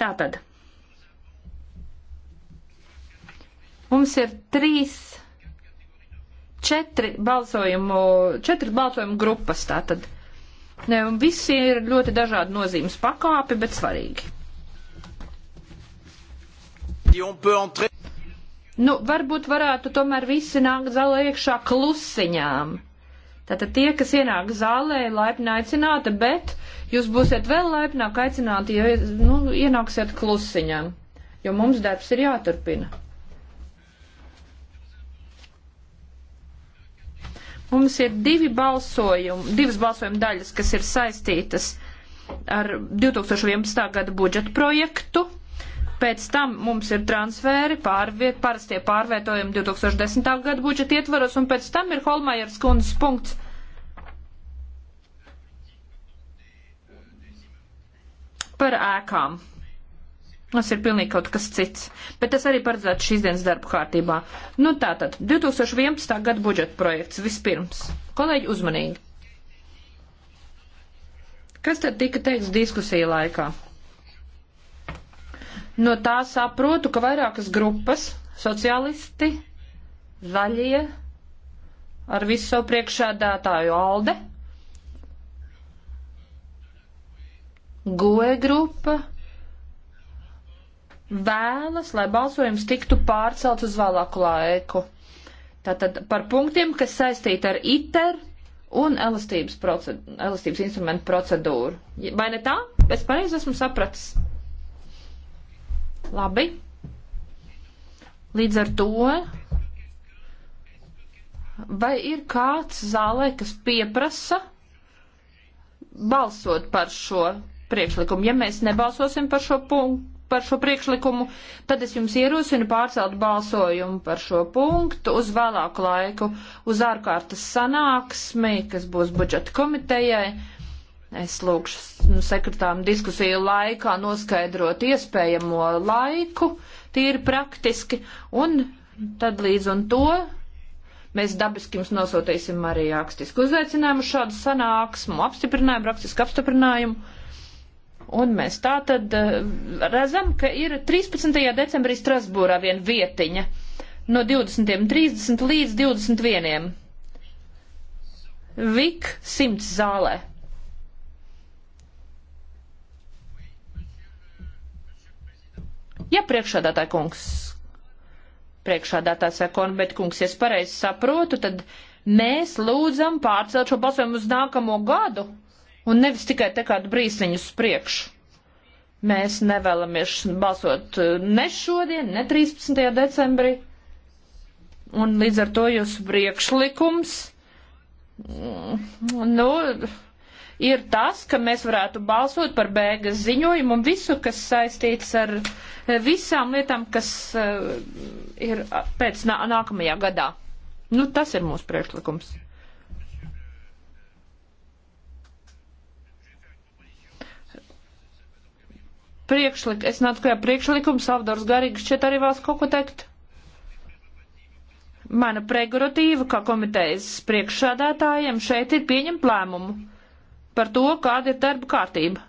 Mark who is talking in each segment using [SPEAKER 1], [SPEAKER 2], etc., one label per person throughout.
[SPEAKER 1] Tātad. Mums ir trīs, četri balsojumu, četri balsojumu grupas tātad. Ne, un visi ir ļoti dažādi nozīmes pakāpi, bet svarīgi.
[SPEAKER 2] Nu,
[SPEAKER 1] varbūt varētu tomēr visi nākt zālē iekšā klusiņām. Tātad tie, kas ienāk zālē, laipni aicināti, bet jūs būsiet vēl laipnāk aicināti, ja nu, ienāksiet klusiņam, jo mums darbs ir jāturpina. Mums ir divi balsojumi, divas balsojuma daļas, kas ir saistītas ar 2011. gada budžetu projektu. Pēc tam mums ir transferi, pārviet, parastie pārvietojumi 2010. gada budžeta ietvaros, un pēc tam ir Holmajers kundzes punkts Par ēkām. Tas ir pilnīgi kaut kas cits. Bet tas arī paredzēts šīs dienas darba kārtībā. Nu tātad, 2011. gada budžeta projekts vispirms. Kolēģi, uzmanīgi! Kas tad tika teikts diskusiju laikā? No tā saprotu, ka vairākas grupas - sociālisti, zaļie, ar visu savu priekšādātāju Alde Goe grupa vēlas, lai balsojums tiktu pārcelt uz vēlāku laiku. Tātad par punktiem, kas saistīti ar ITER un elastības, proced elastības instrumentu procedūru. Vai ne tā? Es pareizi esmu sapratis. Labi. Līdz ar to, vai ir kāds zālē, kas pieprasa balsot par šo priekšlikumu. Ja mēs nebalsosim par šo, punktu, par šo priekšlikumu, tad es jums ierosinu pārcelt balsojumu par šo punktu uz vēlāku laiku, uz ārkārtas sanāksmi, kas būs budžeta komitejai. Es lūkšu nu, sekretām diskusiju laikā noskaidrot iespējamo laiku, tīri praktiski, un tad līdz un to mēs dabiski jums nosūtīsim arī rakstisku uzveicinājumu šādu sanāksmu, apstiprinājumu, rakstisku apstiprinājumu Un mēs tā tad eh, redzam, ka ir 13. decembrī Strasbūrā viena vietiņa no 20.30 līdz 21. Vik 100 zālē. Ja priekšādātāja kungs, priekšādātāja sekona, bet kungs, ja es pareizi saprotu, tad mēs lūdzam pārcelt šo balsojumu uz nākamo gadu un nevis tikai te kādu brīsiņu uz priekšu. Mēs nevēlamies balsot eh, ne šodien, ne 13. decembrī, un līdz ar to jūsu priekšlikums, mm, nu, ir tas, ka mēs varētu balsot par bēgas ziņojumu un visu, kas saistīts ar eh, visām lietām, kas eh, ir pēc nākamajā gadā. Nu, tas ir mūsu priekšlikums. priekšlik, es nācu klajā priekšlikumu, Salvadors Garīgs šķiet arī vēlas kaut ko teikt. Mana prerogatīva, kā komitejas priekšsādātājiem, šeit ir pieņemt lēmumu par to, kāda ir darba kārtība.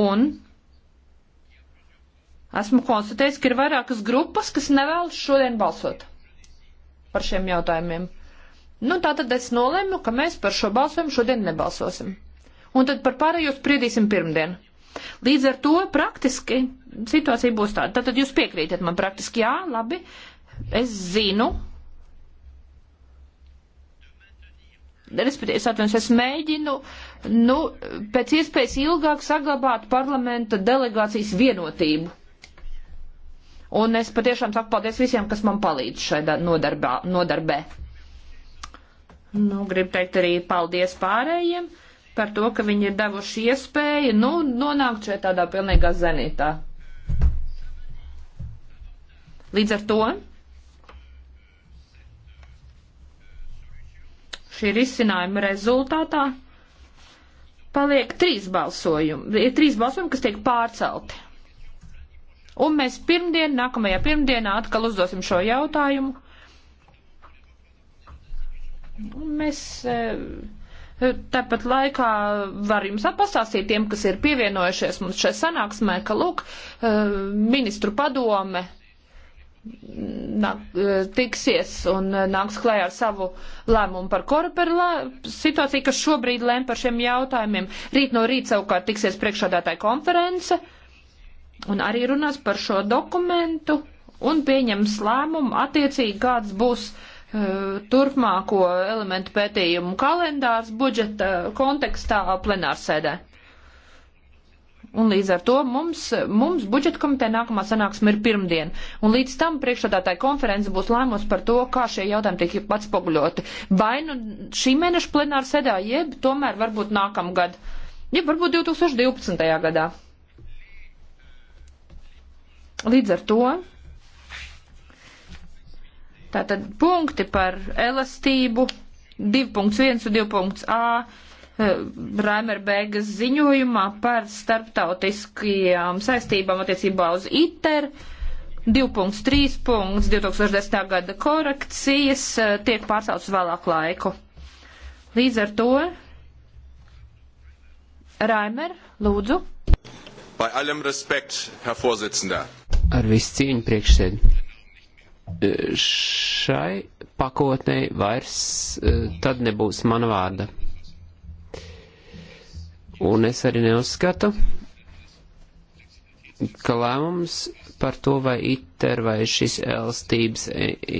[SPEAKER 1] Un esmu konstatējis, ka ir vairākas grupas, kas nevēlas šodien balsot par šiem jautājumiem. Nu, tā tad es nolēmu, ka mēs par šo balsojumu šodien nebalsosim. Un tad par pārējo spriedīsim pirmdien. Līdz ar to praktiski situācija būs tāda. Tātad jūs piekrītat man praktiski, jā, labi, es zinu. Respektīvi, es atvainojos, es mēģinu, nu, pēc iespējas ilgāk saglabāt parlamenta delegācijas vienotību. Un es patiešām saku paldies visiem, kas man palīdz šai nodarbā, nodarbē. Nu, gribu teikt arī paldies pārējiem par to, ka viņi ir devuši iespēju, nu, nonākt šeit tādā pilnīgā zenītā. Līdz ar to šī risinājuma rezultātā paliek trīs balsojumi, ir trīs balsojumi, kas tiek pārcelti. Un mēs pirmdien, nākamajā pirmdienā atkal uzdosim šo jautājumu. Un mēs. E, Tāpat laikā var jums pastāstīt tiem, kas ir pievienojušies mums šai sanāksmē, ka, lūk, eh, ministru padome mm, nāk, eh, tiksies un eh, nāks klējā ar savu lēmumu par korupēru situāciju, kas šobrīd lēm par šiem jautājumiem. Rīt no rīta savukārt tiksies priekšādātāja konference un arī runās par šo dokumentu un pieņems lēmumu attiecīgi, kāds būs uh, Eh, turpmāko elementu pētījumu kalendārs budžeta kontekstā plenārsēdē. Un līdz ar to mums, mums budžeta komiteja nākamā sanāksme ir pirmdien. Un līdz tam priekšstādātāja konference būs lēmums par to, kā šie jautājumi tiek atspoguļoti. Vai nu šī mēneša plenāra sēdā, jeb tomēr varbūt nākamgad, jeb varbūt 2012. gadā. Līdz ar to Tātad punkti par elastību 2.1 un 2.a. Eh, Raimerbegas ziņojumā par starptautiskajām saistībām attiecībā uz ITER 2.3.2010. gada korekcijas eh, tiek pārceltas vēlāk laiku. Līdz ar to Raimer, lūdzu.
[SPEAKER 2] Ar visu cieņu priekšsēdi. E, šai pakotnei vairs e, tad nebūs mana vārda. Un es arī neuzskatu, ka lēmums par to, vai ITER vai šis elstības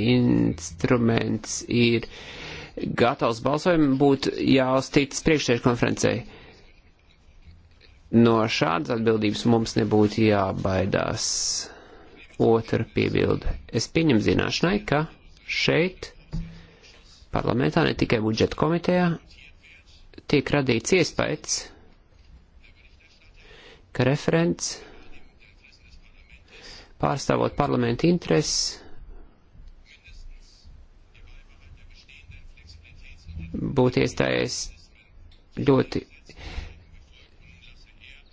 [SPEAKER 2] instruments ir gatavs balsojumam, būtu jāuztic priekšsēžu konferencei. No šādas atbildības mums nebūtu jābaidās. Otra piebilde. Es pieņemu zināšanai, ka šeit parlamentā, ne tikai budžeta komitejā, tiek radīts iespējas, ka referents pārstāvot parlamentu intereses būtu iestājies ļoti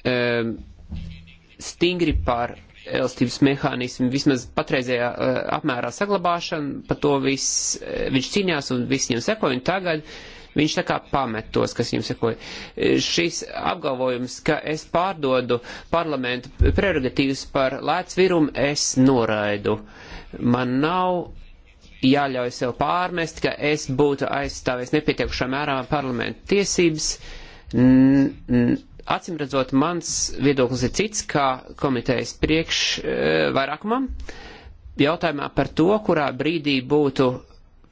[SPEAKER 2] um, stingri par elstības mehānismu vismaz patreizējā uh, apmērā saglabāšanu, par to viss, uh, viņš cīnījās un viss viņam sekoja, un tagad viņš tā kā pamet tos, kas viņam sekoja. Uh, šis apgalvojums, ka es pārdodu parlamentu prerogatīvas par lēts virumu, es noraidu. Man nav jāļauj sev pārmest, ka es būtu aizstāvies nepietiekušā mērā parlamentu tiesības. N, n, Acim redzot, mans viedoklis ir cits, kā komitejas priekš e, vairākumam jautājumā par to, kurā brīdī būtu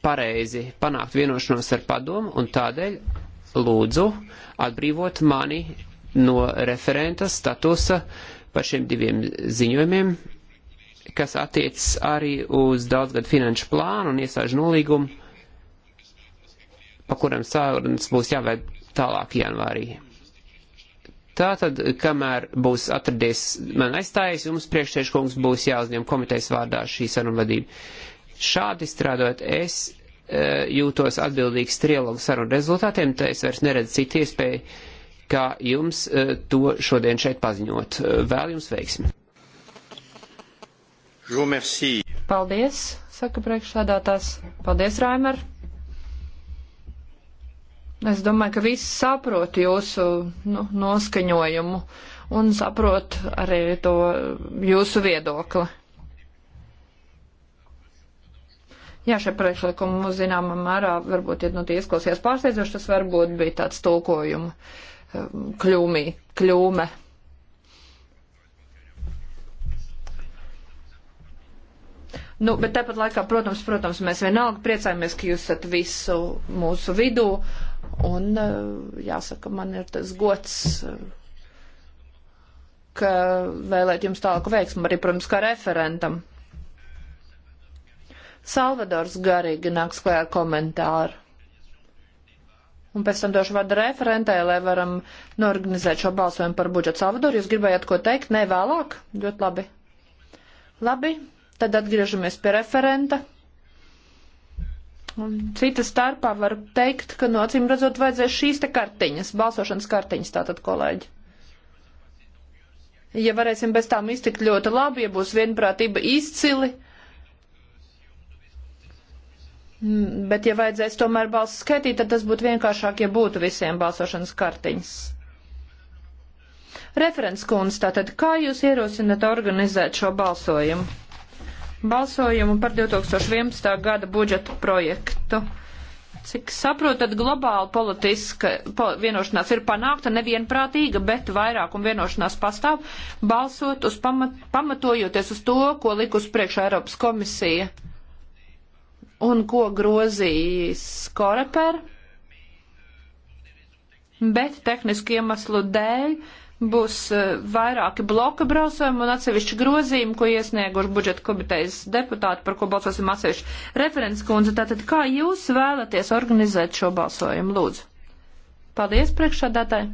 [SPEAKER 2] pareizi panākt vienošanos ar padomu un tādēļ lūdzu atbrīvot mani no referenta statusa par šiem diviem ziņojumiem, kas attiecas arī uz daudzgadu finanšu plānu un iesāžu nolīgumu, pa kuram sārunas būs jāvēd tālāk janvārī. Tātad, kamēr būs atradies man aizstājies, jums priekšsēžkungs būs jāuzņem komitejas vārdā šī sarunvadība. Šādi strādājot, es e, jūtos atbildīgs trialogu sarunu rezultātiem, tā es vairs neredzu citu iespēju, kā jums e, to šodien šeit paziņot. E, vēl jums veiksmi!
[SPEAKER 1] Paldies, saka priekšsādātās. Paldies, Raimer! Es domāju, ka visi saprot jūsu nu, noskaņojumu un saprot arī to jūsu viedokli. Jā, šie priekšlikumi mums zināmā mērā varbūt, ja nu tie izklausījās pārsteidzoši, tas varbūt bija tāds tulkojuma um, kļūmī, kļūme. Nu, bet tāpat laikā, protams, protams, mēs vienalga priecājamies, ka jūs esat visu mūsu vidū Un eh, jāsaka, man ir tas gods, eh, ka vēlēt jums tālāku veiksmu arī, protams, kā referentam. Salvadors garīgi nāks klajā ar komentāru. Un pēc tam došu vārdu referentē, lai varam norganizēt šo balsojumu par budžetu. Salvador, jūs gribējāt ko teikt? Nē, vēlāk? Ļoti labi. Labi, tad atgriežamies pie referenta. Un cita starpā var teikt, ka no acīm redzot vajadzēs šīs te kartiņas, balsošanas kartiņas tātad, kolēģi. Ja varēsim bez tām iztikt ļoti labi, ja būs vienprātība izcili, bet ja vajadzēs tomēr balsu skaitīt, tad tas būtu vienkāršāk, ja būtu visiem balsošanas kartiņas. Referents kundze, tātad kā jūs ierosināt organizēt šo balsojumu? balsojumu par 2011. gada budžetu projektu. Cik saprotu, tad globāla politiska po, vienošanās ir panākta nevienprātīga, bet vairākuma vienošanās pastāv, balsot uz pamat, pamatojoties uz to, ko likus priekšā Eiropas komisija un ko grozījis Koreper, bet tehnisku iemeslu dēļ uh, būs eh, vairāki bloka braucojumi un atsevišķi grozījumi, ko iesnieguši budžeta komitejas deputāti, par ko balsosim atsevišķi. Referents kundze, tātad kā jūs vēlaties organizēt šo balsojumu? Lūdzu. Paldies priekšādātāji.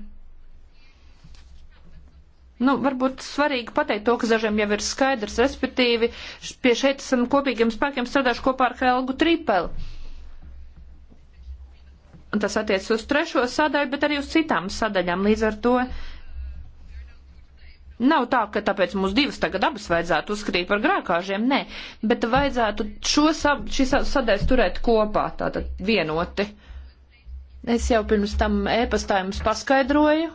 [SPEAKER 1] Nu, varbūt svarīgi pateikt to, kas dažiem jau ir skaidrs, respektīvi pie šeit esam kopīgiem spēkiem strādājuši kopā ar Helgu Tripeli. Un tas attiec uz trešo sadaļu, bet arī uz citām sadaļām. Līdz ar to uh, Nav tā, ka tāpēc mums divas tagad abas vajadzētu uzskatīt par grākāžiem, nē, bet vajadzētu šo sab, šīs sadēļas turēt kopā, tātad vienoti. Es jau pirms tam ēpastā jums paskaidroju,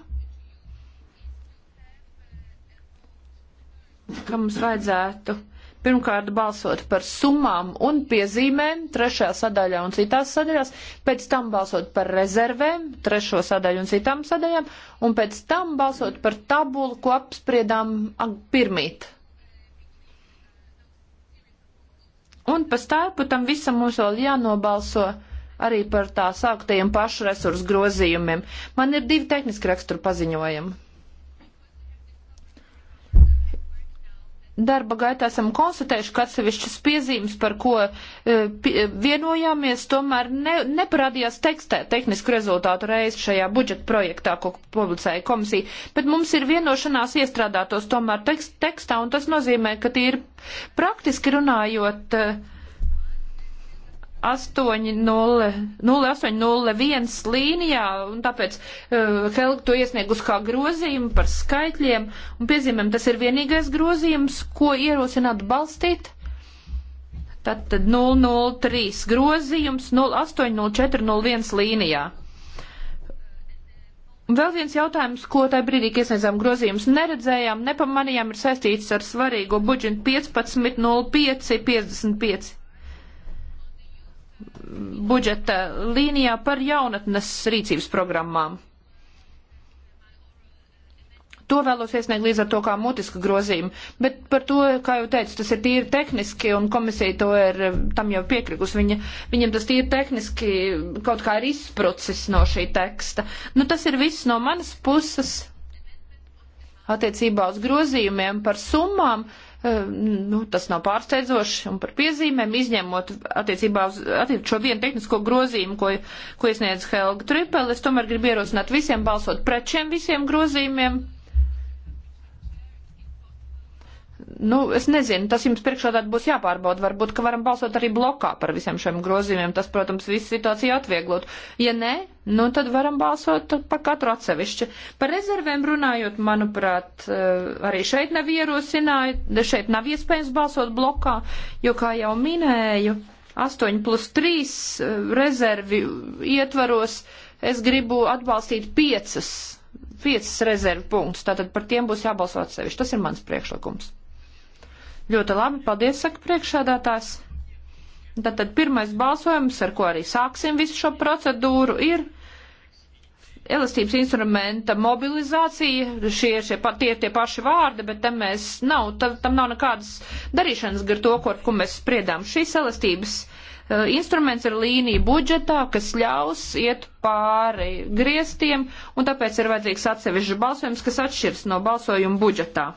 [SPEAKER 1] ka mums vajadzētu Pirmkārt, balsot par summām un piezīmēm trešajā sadaļā un citās sadaļās, pēc tam balsot par rezervēm trešo sadaļu un citām sadaļām, un pēc tam balsot par tabulu, ko apspriedām pirmīt. Un pa starpu tam visam mums vēl jānobalso arī par tā sāktajiem pašu resursu grozījumiem. Man ir divi tehniski raksturu paziņojumi. darba gaitā esam konstatējuši, ka atsevišķas piezīmes, par ko e, pie, vienojāmies, tomēr ne, neparādījās tekstē tehnisku rezultātu reiz šajā budžeta projektā, ko publicēja komisija, bet mums ir vienošanās iestrādātos tomēr tekst, tekstā, un tas nozīmē, ka tie ir praktiski runājot. Uh, 0801 līnijā, un tāpēc uh, Helga to iesniegus kā grozījumu par skaitļiem, un piezīmēm tas ir vienīgais grozījums, ko ierosināt balstīt. Tātad 003 grozījums 080401 līnijā. Un vēl viens jautājums, ko tajā brīdī, kad iesniedzām grozījumus, neredzējām, nepamanījām, ir saistīts ar svarīgo budžetu 15.05.55 budžeta līnijā par jaunatnes rīcības programmām. To vēlos iesniegt līdz ar to kā mutisku grozījumu, bet par to, kā jau teicu, tas ir tīri tehniski un komisija to ir, tam jau piekrikus, viņa, viņam tas tīri tehniski kaut kā ir izsprucis no šī teksta. Nu, tas ir viss no manas puses attiecībā uz grozījumiem par summām. Uh, Ehm, nu, tas nav pārsteidzoši un par piezīmēm, izņemot attiecībā uz attiec, šo vienu tehnisko grozījumu, ko, ko iesniedz Helga Tripel. Es tomēr gribu ierosināt visiem balsot pret šiem visiem grozījumiem Nu, es nezinu, tas jums priekšā tad būs jāpārbauda. Varbūt, ka varam balsot arī blokā par visiem šiem grozījumiem. Tas, protams, visu situāciju atvieglot. Ja nē, nu tad varam balsot par katru atsevišķi. Par rezervēm runājot, manuprāt, eh, arī šeit nav ierosināja, šeit nav iespējams balsot blokā, jo, kā jau minēju, 8 plus 3 eh, rezervi ietvaros es gribu atbalstīt 5. Piecas rezervu punktus, tātad par tiem būs jābalso atsevišķi. Tas ir mans priekšlikums. Ļoti labi, paldies, saka priekšādātājs. Tātad pirmais balsojums, ar ko arī sāksim visu šo procedūru, ir elastības instrumenta mobilizācija, šie, šie, tie ir tie paši vārdi, bet tam mēs nav, tam, tam nav nekādas darīšanas gar to, ko, ko mēs spriedām. Šīs elastības uh, instruments ir līnija budžetā, kas ļaus iet pāri griestiem, un tāpēc ir vajadzīgs atsevišķi balsojums, kas atšķirs no balsojuma budžetā.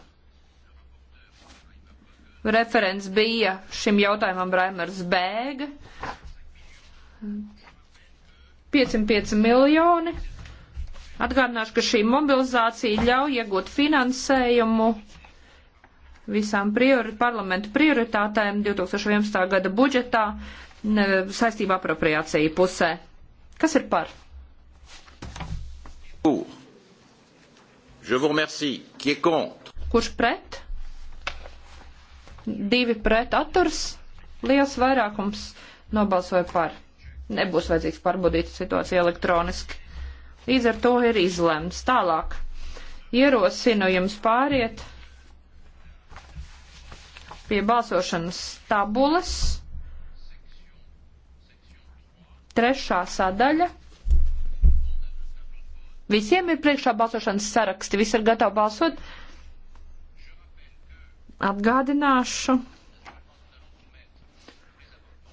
[SPEAKER 1] Referents bija šim jautājumam Raimers Bēga. 505 miljoni. Atgādināšu, ka šī mobilizācija ļauj iegūt finansējumu visām priori, parlamentu prioritātēm 2011. gada budžetā ne, saistībā apropriācija pusē. Kas ir par? Kurš pret? divi pret atturs, liels vairākums nobalsoja par. Nebūs vajadzīgs pārbaudīt situāciju elektroniski. Līdz ar to ir izlemts. Tālāk ierosinu jums pāriet pie balsošanas tabulas. Trešā sadaļa. Visiem ir priekšā balsošanas saraksti. Visi ir gatavi balsot. Atgādināšu,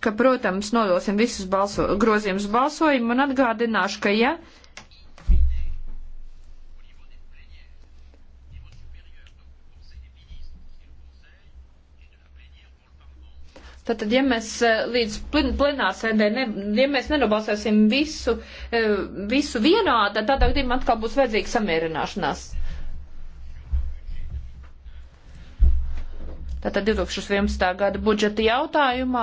[SPEAKER 1] ka, protams, nodosim visus balso, grozījumus balsojumu un atgādināšu, ka, ja Tātad, ja mēs eh, līdz plenārsēdē, ne, ja mēs nenobalsēsim visu, eh, visu vienādi, tad tādā gadījumā atkal būs vajadzīga samierināšanās. Tātad 2011. gada budžeta jautājumā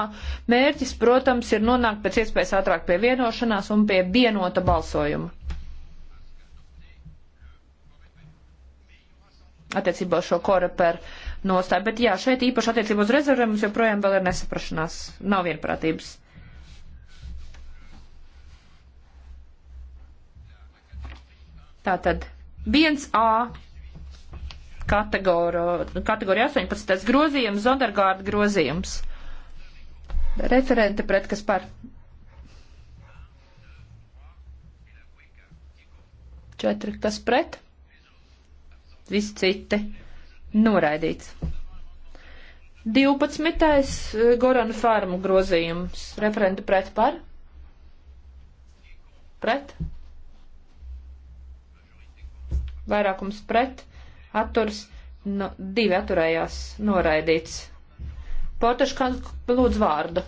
[SPEAKER 1] mērķis, protams, ir nonākt pēc iespējas ātrāk pie vienošanās un pie vienota balsojuma. Attiecībā uz šo koreperu nostāju. Bet jā, šeit īpaši attiecībā uz rezervēm mums joprojām vēl ir nesaprašanās. Nav vienprātības. Tātad 1A kategorija 18. grozījums, Zondergārda grozījums. Referente pret kas par? Četri kas pret? Visi citi. Noraidīts. 12. Gorana farmu grozījums. Referente pret par? Pret? Vairākums pret atturs, no, nu, divi atturējās, noraidīts. Portaškans lūdz vārdu.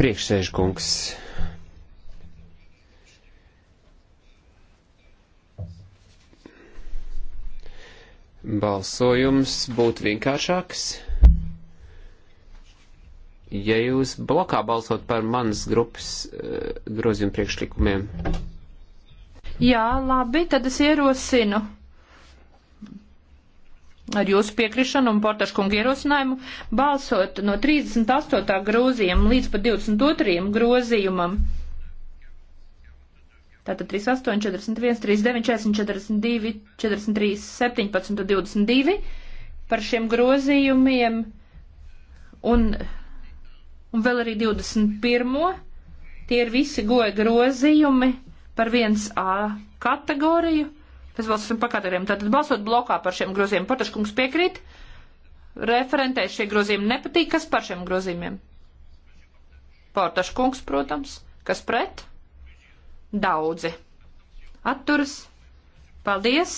[SPEAKER 2] Priekšsēžkungs. Balsojums būtu vienkāršāks ja jūs blokā balsot par manas grupas uh, grozījumu priekšlikumiem.
[SPEAKER 1] Jā, labi, tad es ierosinu ar jūsu piekrišanu un portaškungu ierosinājumu balsot no 38. grozījuma līdz pat 22. grozījumam. Tātad 38, 41, 39, 40, 42, 43, 17, 22 par šiem grozījumiem un, un vēl arī 21. Tie ir visi goja grozījumi par 1A kategoriju. Pēc balsosim par kategorijām. Tātad balsot blokā par šiem grozījumiem. Potaškungs piekrīt. Referentē šie grozījumi nepatīk. Kas par šiem grozījumiem? Potaškungs, protams. Kas pret? Daudzi. Atturas. Paldies.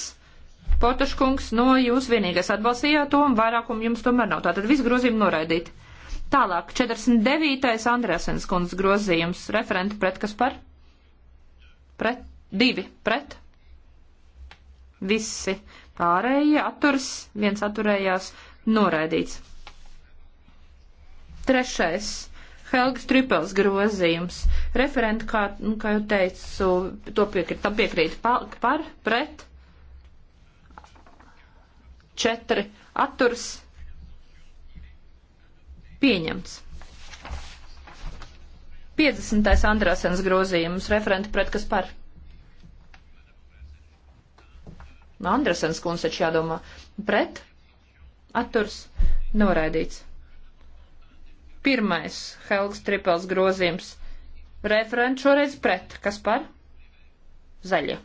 [SPEAKER 1] Potaškungs, no jūs vienīgais atbalstījāt to, un vairākumu jums tomēr nav. Tātad visu grozījumu noraidīt. Tālāk, 49. Andrēsens kundzes grozījums. Referenti pret kas par? pret, divi pret, visi pārējie atturas, viens atturējās, noraidīts. Trešais. Helgas Tripels grozījums. Referenti, kā, nu, kā jau teicu, to piekrīt, tam piekrīt par, par pret, četri atturs, pieņemts. 50. Andrāsens grozījums, referenti pret kas par? Nu, Andrāsens kundze taču jādomā. Pret? Atturs? Noraidīts. Pirmais Helgas Tripels grozījums. Referenti šoreiz pret. Kas par? Zaļie.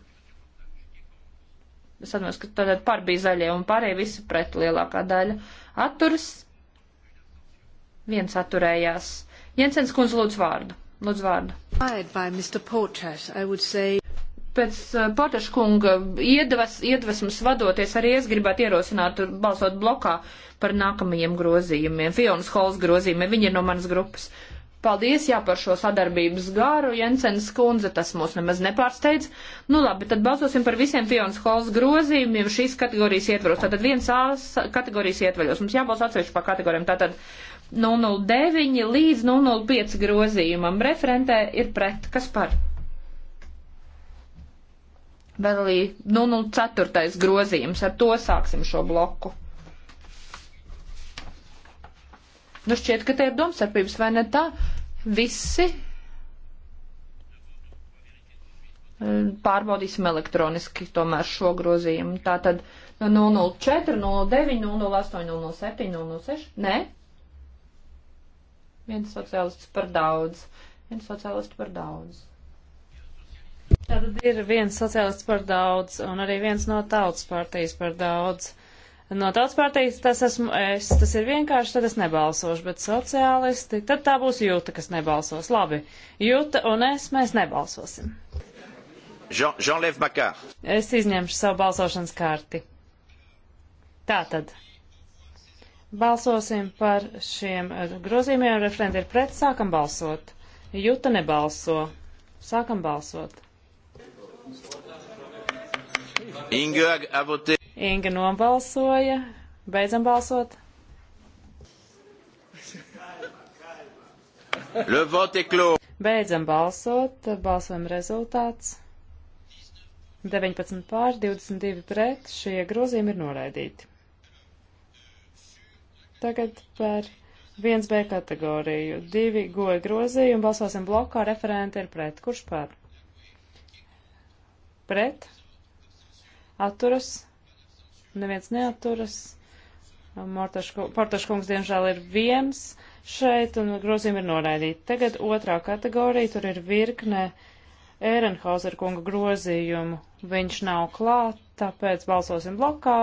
[SPEAKER 1] Es atceros, ka tad par bija zaļie un pārējie visi pret lielākā daļa. Atturs? Viens atturējās. Jensens kundze lūdz vārdu. Lūdzu vārdu. Pēc uh, Portaša kunga iedvas, iedvesmas vadoties arī es gribētu ierosināt balsot blokā par nākamajiem grozījumiem, Fionas Hols grozījumiem, viņi ir no manas grupas. Paldies, jā, par šo sadarbības gāru, Jensens kundze, tas mūs nemaz nepārsteidz. Nu labi, tad balsosim par visiem Fionas Hols grozījumiem šīs kategorijas ietvaros. Tātad viens A kategorijas ietvaļos. Mums jābalso atsevišķi par kategorijām. Tātad 009 līdz 005 grozījumam. Referentē ir pret, kas par? Vēl arī 004 grozījums, ar to sāksim šo bloku. Nu šķiet, ka te ir domstarpības, vai ne tā? Visi pārbaudīsim elektroniski tomēr šo grozījumu. Tātad 004, 09, 008, 007, 006, nē, Viens sociālists par daudz. Viens sociālists par daudz.
[SPEAKER 3] Tātad ir viens sociālists par daudz un arī viens no tautas partijas par daudz. No tautas partijas tas esmu es, tas ir vienkārši, tad es nebalsošu, bet sociālisti, tad tā būs Jūta, kas nebalsos. Labi, Jūta un es, mēs nebalsosim.
[SPEAKER 1] Jean, Jean
[SPEAKER 3] es izņemšu savu balsošanas karti. Tātad. Balsosim par šiem grozījumiem. Referenti ir pret. Sākam balsot. Juta nebalso. Sākam balsot. Inga nobalsoja. Beidzam balsot. Beidzam balsot. Balsojuma rezultāts. 19 pār 22 pret. Šie grozījumi ir noraidīti. Tagad par 1B kategoriju. Divi goja grozījumi. Balsosim blokā. Referenti ir pret. Kurš par? Pret. Atturas. Neviens neaturas. Portašs kungs, diemžēl, ir viens šeit, un grozījumi ir noraidīti. Tagad otrā kategorija, tur ir virkne Ērenhauser kunga grozījumu. Viņš nav klāt, tāpēc balsosim blokā.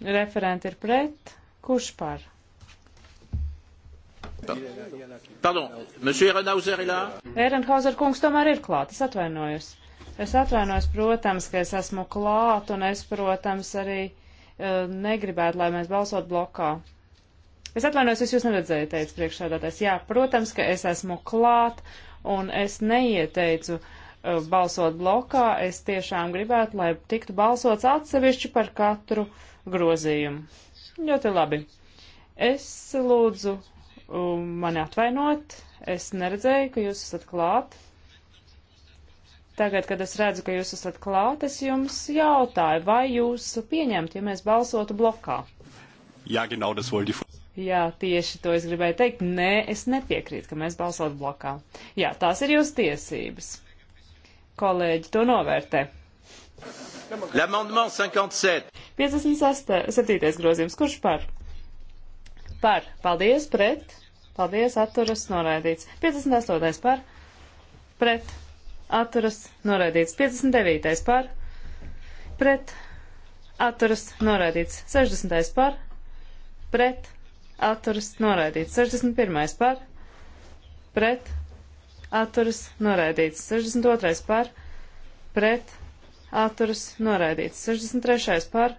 [SPEAKER 3] Referenti ir pret. Kurš par?
[SPEAKER 1] Pardon, monsieur Ehrenhauser ir lā?
[SPEAKER 3] Ehrenhauser kungs tomēr ir klāt, es atvainojos. Es atvainojos, protams, ka es esmu klāt, un es, protams, arī uh, negribētu, lai mēs balsot blokā. Es atvainojos, es jūs neredzēju, teica priekšsādātājs. Jā, protams, ka es esmu klāt, un es neieteicu uh, balsot blokā. Es tiešām gribētu, lai tiktu balsots atsevišķi par katru uh, grozījumu. Ļoti labi. Es lūdzu um, mani atvainot, es neredzēju, ka jūs esat klāt. Tagad, kad es redzu, ka jūs esat klāt, es jums jautāju, vai jūs pieņemt, ja mēs balsotu blokā?
[SPEAKER 1] Jā, genau, das wollte ich.
[SPEAKER 3] Jā, tieši to es gribēju teikt. Nē, es nepiekrītu, ka mēs balsotu blokā. Jā, tās ir jūsu tiesības. Kolēģi to novērtē. L'amendement 57. 57. grozījums. Kurš par? Par. Paldies, pret. Paldies, atturas, noraidīts. 58. par. Pret. Atturas, noraidīts. 59. par. Pret. Atturas, noraidīts. 60. par. Pret. Atturas, noraidīts. 61. par. Pret. Atturas, noraidīts. 62. par. Pret atturas noraidīts. 63. par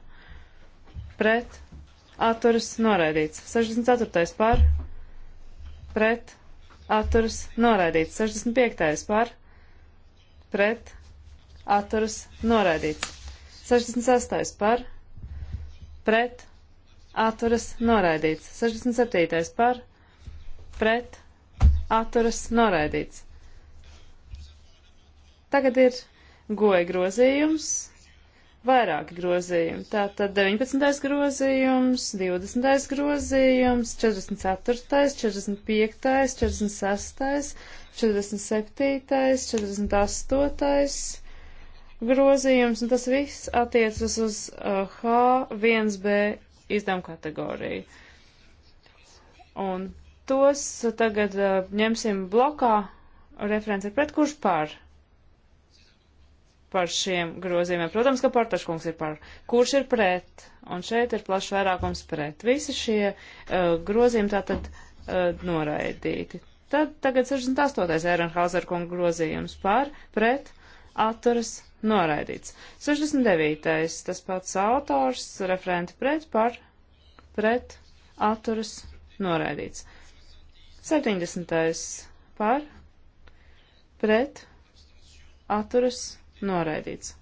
[SPEAKER 3] pret atturas noraidīts. 64. par pret atturas noraidīts. 65. par pret atturas noraidīts. 66. par pret atturas noraidīts. 67. par pret atturas noraidīts. Tagad ir goja grozījums, vairāki grozījumi. Tātad 19. grozījums, 20. grozījums, 44., 45., 46., 47., 48. grozījums, un tas viss attiecas uz H1B uh, izdevumu kategoriju. Un tos tagad uh, ņemsim blokā referents ir pret kurš pār par šiem grozījumiem. Protams, ka Portaškungs ir par. Kurš ir pret? Un šeit ir plašs vairākums pret. Visi šie uh, grozījumi tātad uh, noraidīti. Tad tagad 68. Ehrenhauser kunga grozījums par, pret, atturas, noraidīts. 69. tas pats autors, referenti pret, par, pret, atturas, noraidīts. 70. par, pret, atturas, noraidīts Noraidīts.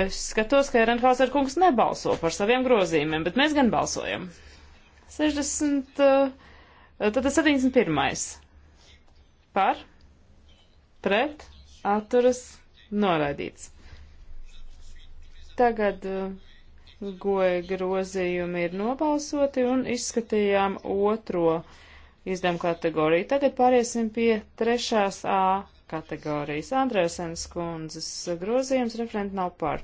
[SPEAKER 3] Es skatos, ka Ehrenhauser kungs nebalso par saviem grozījumiem, bet mēs gan balsojam. 60, eh, tad 71. Par, pret, atturas, noraidīts. Tagad eh, goja grozījumi ir nobalsoti un izskatījām otro izdevumu kategoriju. Tagad pāriesim pie trešās A kategorijas. Andrēsens kundzes grozījums referenti nav par.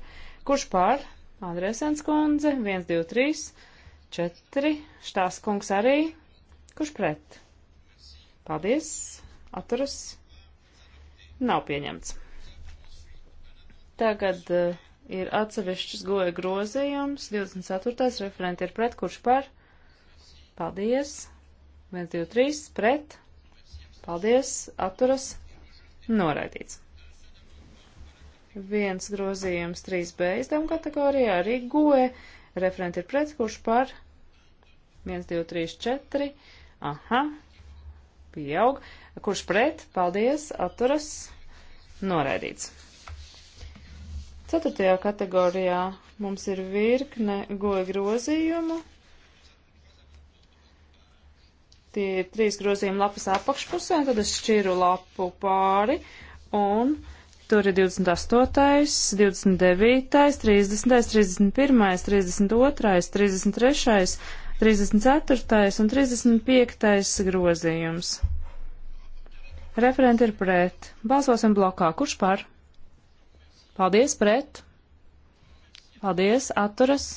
[SPEAKER 3] Kurš par? Andrēsens kundze, 1, 2, 3, 4, štās kungs arī. Kurš pret? Paldies, atturas. Nav pieņemts. Tagad uh, ir atsevišķs goja grozījums, 24. referenti ir pret, kurš par? Paldies, 1, 2, 3, pret. Paldies, atturas Noraidīts. Viens grozījums 3B izdevuma kategorijā, arī GUE, referenti ir pret, kurš par 1, 2, 3, 4, aha, pieaug, kurš pret, paldies, atturas, noraidīts. Ceturtajā kategorijā mums ir virkne GUE grozījumu, Tie ir trīs grozījumi lapas apakšpusē, tad es šķiru lapu pāri, un tur ir 28., 29., 30., 31., 32., 33., 34. un 35. grozījums. Referenti ir pret. Balsosim blokā. Kurš par? Paldies, pret. Paldies, atturas.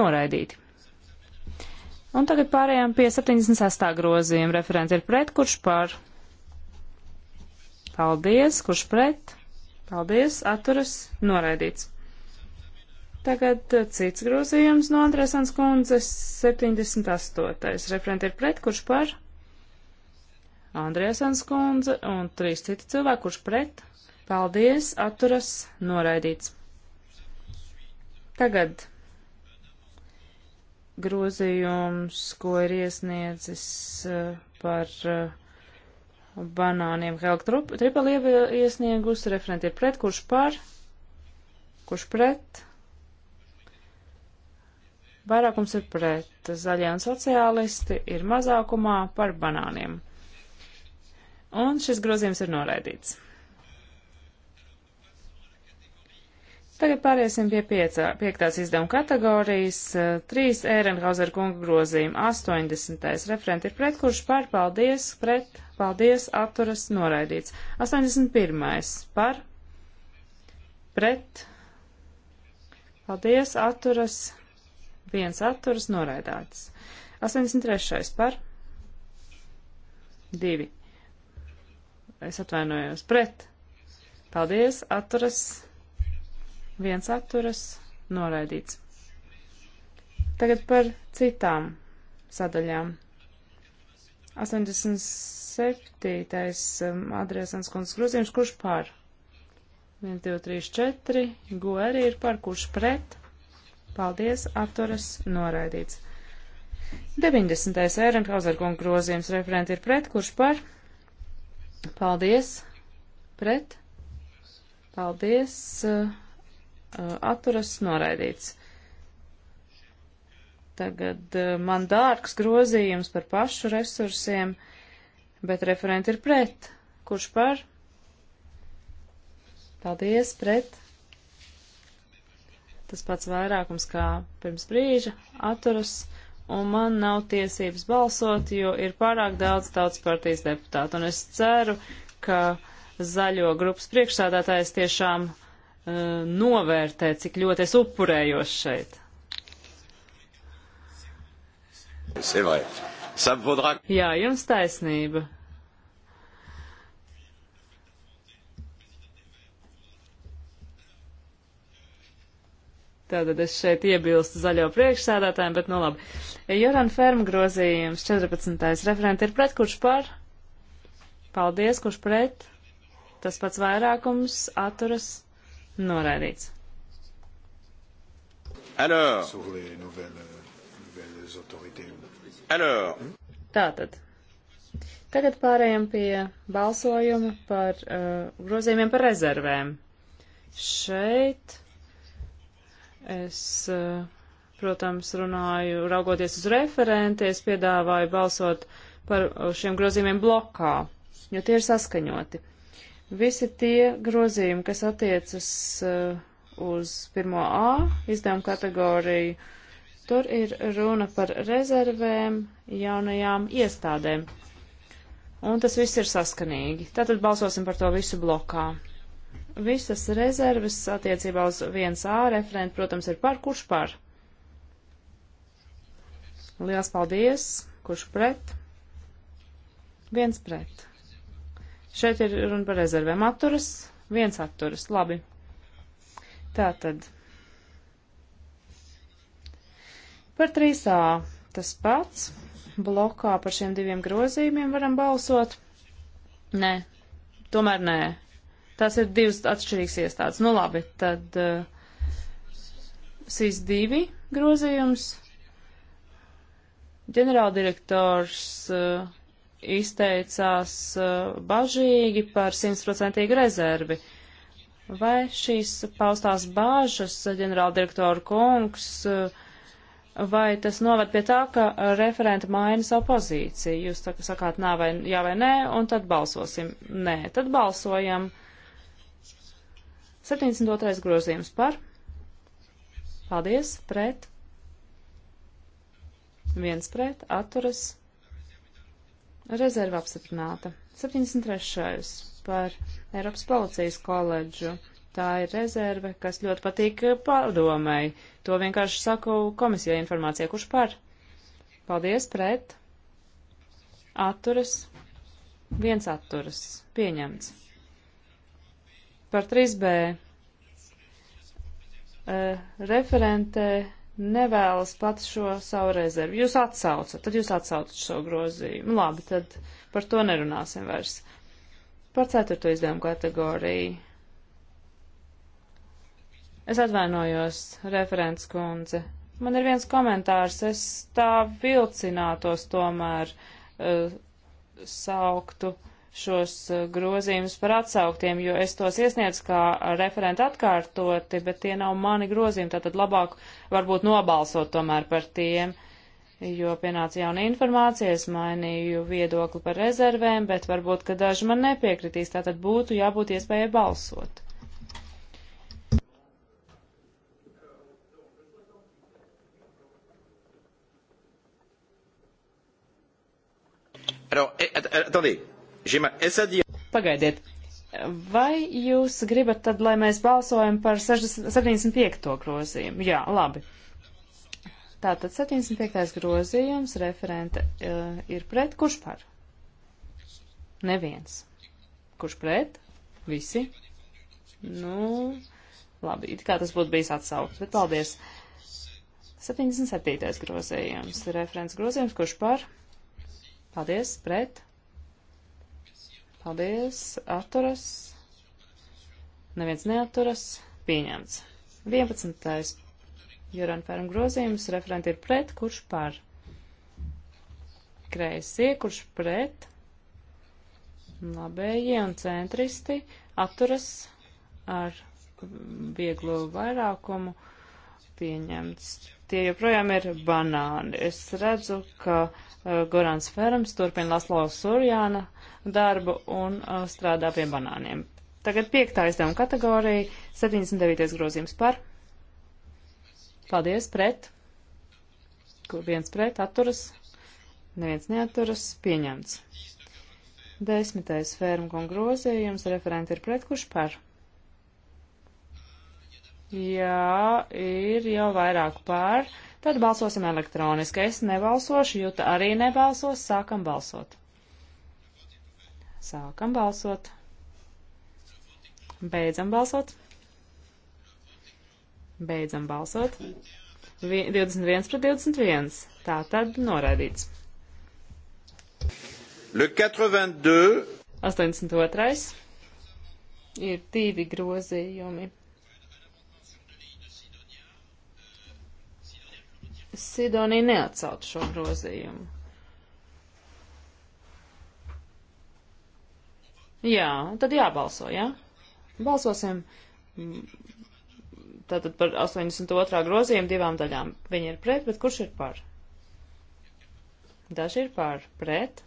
[SPEAKER 3] Noraidīti. Un tagad pārējām pie 76. grozījuma. Referents ir pret, kurš par? Paldies, kurš pret? Paldies, atturas, noraidīts. Tagad eh, cits grozījums no Andresans kundzes 78. Referents ir pret, kurš par? Andresans kundze un trīs citi cilvēki, kurš pret? Paldies, atturas, noraidīts. Tagad grozījums, ko ir iesniedzis eh, par eh, banāniem. Helga Tripali iesniegus, referenti ir pret, kurš par, kurš pret. Vairākums ir pret, zaļie un sociālisti ir mazākumā par banāniem. Un šis grozījums ir noraidīts. Tagad pāriesim pie piecā, piektās izdevuma kategorijas. Eh, trīs Ērenhauser kunga grozījuma 80. referenti ir pret, kurš par paldies, pret, paldies, atturas, noraidīts. 81. par, pret, paldies, atturas, viens atturas, noraidāts. 83. par, divi. Es atvainojos pret. Paldies, atturas, viens atturas, noraidīts. Tagad par citām sadaļām. 87. Um, adresants kundzes grozījums, kurš par? 1, 2, 3, 4, go arī ir par, kurš pret? Paldies, atturas, noraidīts. 90. ērenkauserkunga grozījums referenti ir pret, kurš par? Paldies, pret? Paldies, uh, Uh, atturas noraidīts. Tagad uh, man dārgs grozījums par pašu resursiem, bet referenti ir pret. Kurš par? Paldies, pret. Tas pats vairākums kā pirms brīža atturas, un man nav tiesības balsot, jo ir pārāk daudz tautas partijas deputātu, un es ceru, ka zaļo grupas priekšsādātājs tiešām uh, Uh, novērtēt, cik ļoti es upurējos šeit. Jā, jums taisnība. Tātad es šeit iebilstu zaļo priekšsēdētājiem, bet nu labi. Joran Ferm grozījums 14. referenti ir pret, kurš par? Paldies, kurš pret? Tas pats vairākums atturas Noraidīts.
[SPEAKER 1] Alors. Sur les nouvelles, nouvelles autorités. Alors.
[SPEAKER 3] Tātad. Tagad pārējām pie balsojuma par uh, grozījumiem par rezervēm. Šeit es, uh, protams, runāju, raugoties uz referenti, es piedāvāju balsot par uh, šiem grozījumiem blokā, jo tie ir saskaņoti. Visi tie grozījumi, kas attiecas uh, uz 1A izdevumu kategoriju, tur ir runa par rezervēm jaunajām iestādēm. Un tas viss ir saskanīgi. Tātad balsosim par to visu blokā. Visas rezerves attiecībā uz 1A referentu, protams, ir par kurš par. Liels paldies! Kurš pret? Viens pret. Šeit ir runa par rezervēm. Atturas, viens atturas. Labi. Tātad. Par 3A tas pats. Blokā par šiem diviem grozījumiem varam balsot. Nē, tomēr nē. Tās ir divas atšķirīgas iestādes. Nu labi, tad uh, SIS 2 grozījums. Ģenerāldirektors uh, izteicās eh, bažīgi par simtprocentīgu rezervi. Vai šīs paustās bāžas, ģenerāldirektora kungs, eh, vai tas novad pie tā, ka referenta maina savu pozīciju? Jūs tā, sakāt nā vai jā vai nē, un tad balsosim. Nē, tad balsojam. 72. grozījums par. Paldies, pret. Viens pret, atturas Rezerva apstiprināta. 73. par Eiropas policijas koledžu. Tā ir rezerve, kas ļoti patīk pārdomai. To vienkārši saku komisijai informācijai, kurš par. Paldies, pret. Atturas. Viens atturas. Pieņemts. Par 3B. Uh, eh, referente nevēlas pats šo savu rezervu. Jūs atsaucat, tad jūs atsaucat šo grozījumu. Labi, tad par to nerunāsim vairs. Par ceturto izdevumu kategoriju. Es atvainojos, referents kundze. Man ir viens komentārs, es tā vilcinātos tomēr uh, sauktu uh, šos eh, grozījumus par atsauktiem, jo es tos iesniedzu kā referenti atkārtoti, bet tie nav mani grozījumi, tātad labāk varbūt nobalsot tomēr par tiem, jo pienāca jauna informācija, es mainīju viedokli par rezervēm, bet varbūt, ka daži man nepiekritīs, tātad būtu jābūt iespējai balsot.
[SPEAKER 2] Alors, eh,
[SPEAKER 1] eh, attendez,
[SPEAKER 3] Pagaidiet, vai jūs gribat tad, lai mēs balsojam par 60, 75. grozījumu? Jā, labi. Tātad 75. grozījums referente uh, ir pret, kurš par? Neviens. Kurš pret? Visi. Nu, labi, it kā tas būtu bijis atsaukts, bet paldies. 77. grozījums, referents grozījums, kurš par? Paldies, pret. Paldies. Atturas. Neviens neaturas. Pieņemts. 11. Joran Fēram grozījums. Referenti ir pret. Kurš par? Kreisie. Kurš pret? Labējie un centristi atturas ar vieglu vairākumu pieņemts. Tie joprojām ir banāni. Es redzu, ka Eh, Gorans Ferms turpina Laslovas Surjāna darbu un eh, strādā pie banāniem. Tagad piektā izdevuma kategorija - 79. grozījums par. Paldies, pret. Kur viens pret atturas, neviens neaturas, pieņemts. Desmitais fermu un grozījums referenti ir pret, kurš par. Jā, ir jau vairāk pār. Tad balsosim elektroniski. Es nebalsošu, Juta arī nebalsos. Sākam balsot. Sākam balsot. Beidzam balsot. Beidzam balsot. 21 pret 21. Tā tad noraidīts. Le 82. 82. Ir divi grozījumi. Sidonija neatsauc šo grozījumu. Jā, tad jābalso, jā? Balsosim mm, tātad par 82. grozījumu divām daļām. Viņi ir pret, bet kurš ir par? Daži ir par pret,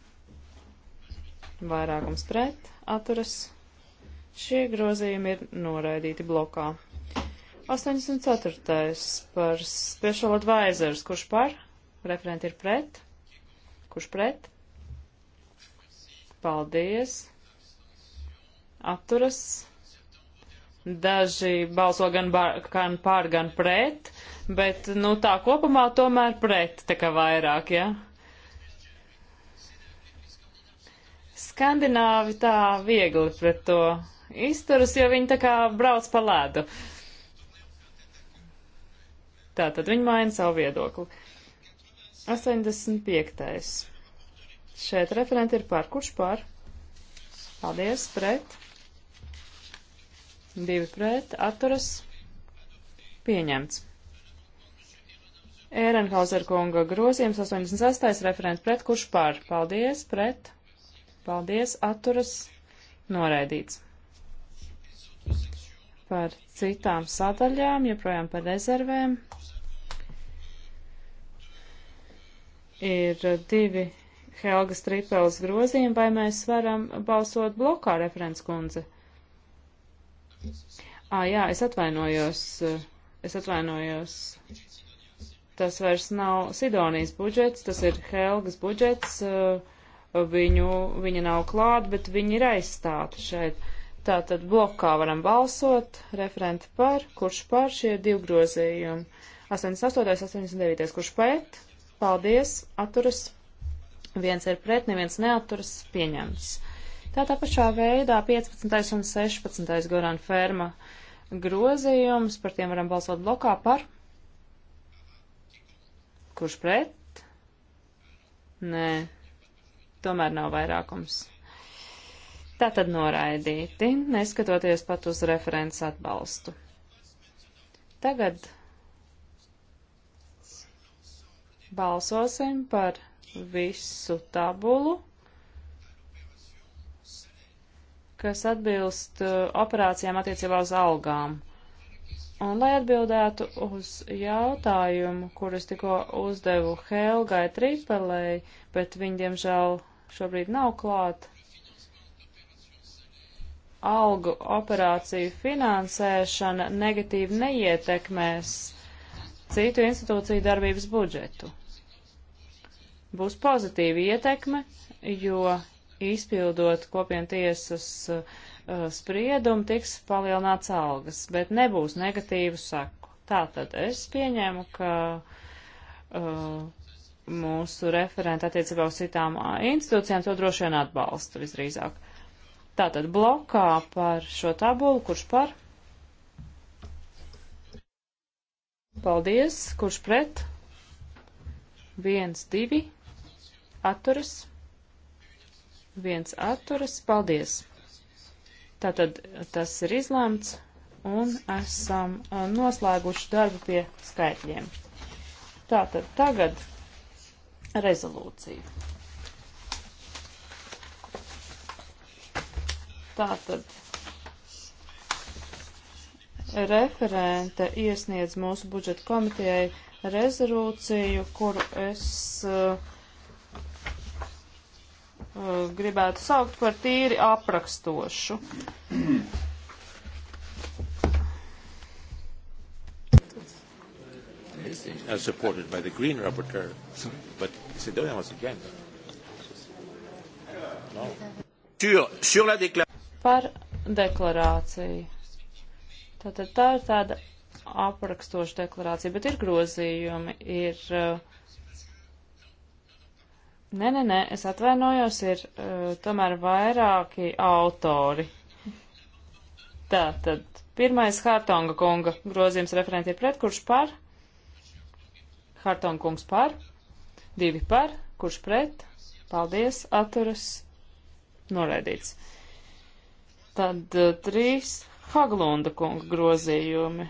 [SPEAKER 3] vairākums pret, atturas. Šie grozījumi ir noraidīti blokā. 84. par Special Advisors, kurš par? Referenti ir pret. Kurš pret? Paldies. Atturas. Daži balso gan, bar, gan pār, gan pret, bet, nu, tā kopumā tomēr pret, tā kā vairāk, jā. Ja? skandināvi tā viegli pret to izturas, jo viņi tā kā brauc pa ledu. Tātad viņi maina savu viedokli. 85. Šeit referenti ir par. Kurš par? Paldies, pret. Divi pret, atturas. Pieņemts. Ērenhauser kunga grozījums 86. referents pret. Kurš par? Paldies, pret. Paldies, atturas. Noraidīts. Par citām sadaļām, joprojām par rezervēm. ir divi Helga Stripels grozījumi, vai mēs varam balsot blokā, referents kundze? Ā, jā, es atvainojos, es atvainojos. Tas vairs nav Sidonijas budžets, tas ir Helgas budžets, viņu, viņa nav klāt, bet viņi ir aizstāti šeit. Tātad blokā varam balsot, referenti par, kurš par šie divi grozījumi. 88, 89, kurš pret, paldies, atturas, viens ir pret, neviens neaturas, pieņemts. Tādā pašā veidā 15. un 16. Goran Ferma grozījums, par tiem varam balsot blokā par. Kurš pret? Nē, tomēr nav vairākums. Tā tad noraidīti, neskatoties pat uz referents atbalstu. Tagad Balsosim par visu tabulu, kas atbilst uh, operācijām attiecībā uz algām. Un, lai atbildētu uz jautājumu, kur es tikko uzdevu Helgai Tripelei, bet viņa, diemžēl, šobrīd nav klāt, algu operāciju finansēšana negatīvi neietekmēs citu institūciju darbības budžetu būs pozitīva ietekme, jo izpildot kopienu tiesas uh, spriedumu tiks palielināts algas, bet nebūs negatīvu saku. Tātad es pieņēmu, ka uh, mūsu referenta attiecībā uz citām uh, institūcijām to droši vien atbalsta visdrīzāk. Tātad blokā par šo tabulu, kurš par? Paldies, kurš pret? Viens, divi atturas, viens atturas, paldies. Tātad tas ir izlēmts un esam uh, noslēguši darbu pie skaitļiem. Tātad tagad rezolūcija. Tātad referente iesniedz mūsu budžeta komitejai rezolūciju, kuru es uh, Eh, gribētu saukt par tīri aprakstošu.
[SPEAKER 1] As supported by the
[SPEAKER 2] Green Rapporteur, but Sedonia was against. No. Sur, sur la décla...
[SPEAKER 3] Par deklarāciju. Tātad tā ir tāda aprakstoša deklarācija, bet ir grozījumi, ir uh, Nē, nē, nē, es atvainojos, ir uh, tomēr vairāki autori. Tā, tad pirmais Hartonga kunga grozījums referenti ir pret, kurš par? Hartonga kungs par, divi par, kurš pret? Paldies, atturas, noraidīts. Tad uh, trīs Haglunda kunga grozījumi.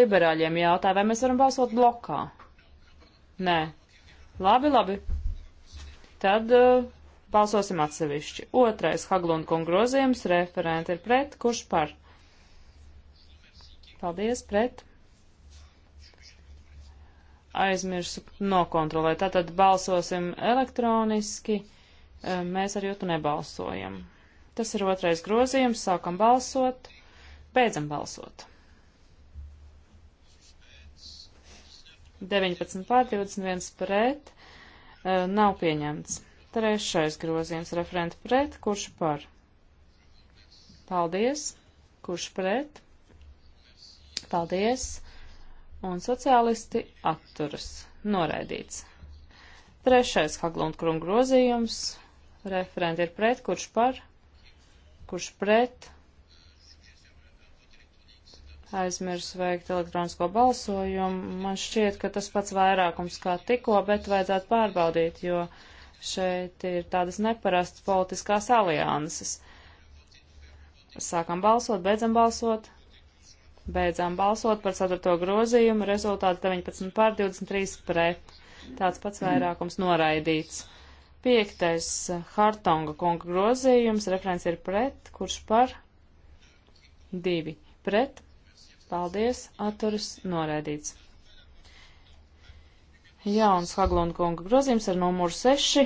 [SPEAKER 3] Liberāļiem jautā, vai mēs varam balsot blokā? Nē, Labi, labi. Tad uh, balsosim atsevišķi. Otrais Haglund kungu grozījums, referenti ir pret, kurš par? Paldies, pret. Aizmirsu nokontrolēt. Tātad balsosim elektroniski. Uh, mēs ar jūtu nebalsojam. Tas ir otrais grozījums. Sākam balsot. Beidzam balsot. 19 pār 21 pret eh, nav pieņemts. Trešais grozījums referenta pret, kurš par? Paldies. Kurš pret? Paldies. Un sociālisti atturas. Noraidīts. Trešais Haglund Krum grozījums. Referenti ir pret, kurš par? Kurš pret? aizmirsu veikt elektronisko balsojumu. Man šķiet, ka tas pats vairākums kā tikko, bet vajadzētu pārbaudīt, jo šeit ir tādas neparastas politiskās alianses. Sākam balsot, beidzam balsot. Beidzām balsot par 4. grozījumu, rezultāts 19 pār 23 pret. Tāds pats vairākums noraidīts. Piektais Hartonga kunga grozījums, referents ir pret, kurš par divi pret Paldies, atturas noraidīts. Jauns Haglonda kunga grozījums ar numuru 6.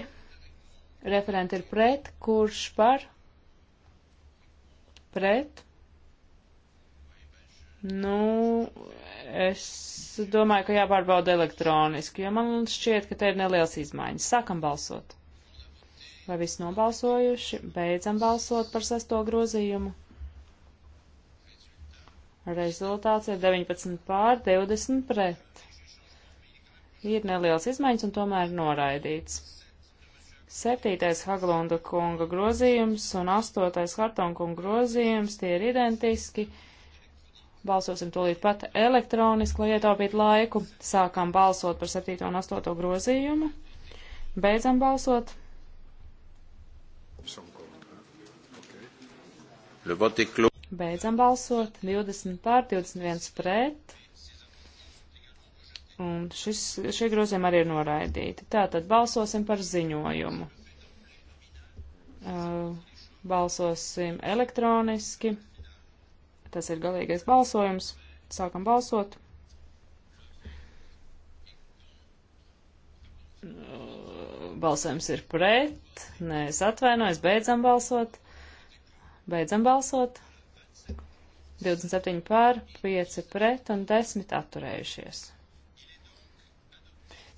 [SPEAKER 3] Referenti ir pret, kurš par? Pret. Nu, es domāju, ka jāpārbauda elektroniski, jo man šķiet, ka te ir nelielas izmaiņas. Sākam balsot. Vai viss nobalsojuši? Beidzam balsot par sesto grozījumu. Rezultāts ir 19 pār 20 pret. Ir neliels izmaiņas un tomēr noraidīts. Septītais Haglunda kunga grozījums un astotais Hartonga kunga grozījums, tie ir identiski. Balsosim tūlīt pat elektroniski, lai ietaupītu laiku. Sākam balsot par 7. un 8. grozījumu. Beidzam balsot.
[SPEAKER 2] Okay.
[SPEAKER 3] Beidzam balsot. 20 pār, 21 pret. Un šis, šie grozījumi arī ir noraidīti. Tātad balsosim par ziņojumu. Uh, balsosim elektroniski. Tas ir galīgais balsojums. Sākam balsot. Uh, balsojums ir pret. Nē, es atvainojos. Beidzam balsot. Beidzam balsot. 27 pār, 5 pret un 10 atturējušies.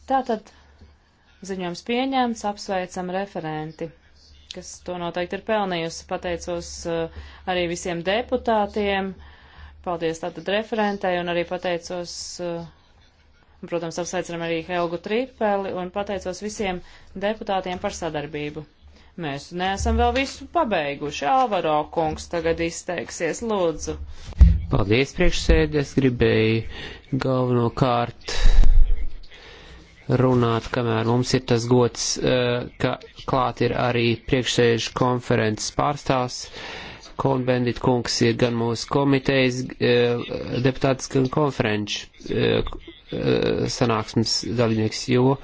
[SPEAKER 3] Tātad ziņojums pieņēmts, apsveicam referenti, kas to noteikti ir pelnījusi. Pateicos uh, arī visiem deputātiem, paldies tātad referentei un arī pateicos, un, uh, protams, apsveicam arī Helgu Trīpeli un pateicos visiem deputātiem par sadarbību. Mēs neesam vēl visu pabeiguši. Alvaro kungs tagad izteiksies, lūdzu.
[SPEAKER 2] Paldies, priekšsēdē. Es gribēju galvenokārt runāt, kamēr mums ir tas gods, eh, ka klāt ir arī priekšsēžu konferences pārstāvs. Konbendit kungs ir gan mūsu komitejas eh, deputāts, gan konferenču eh, Eh, sanāksmes dalībnieks, jo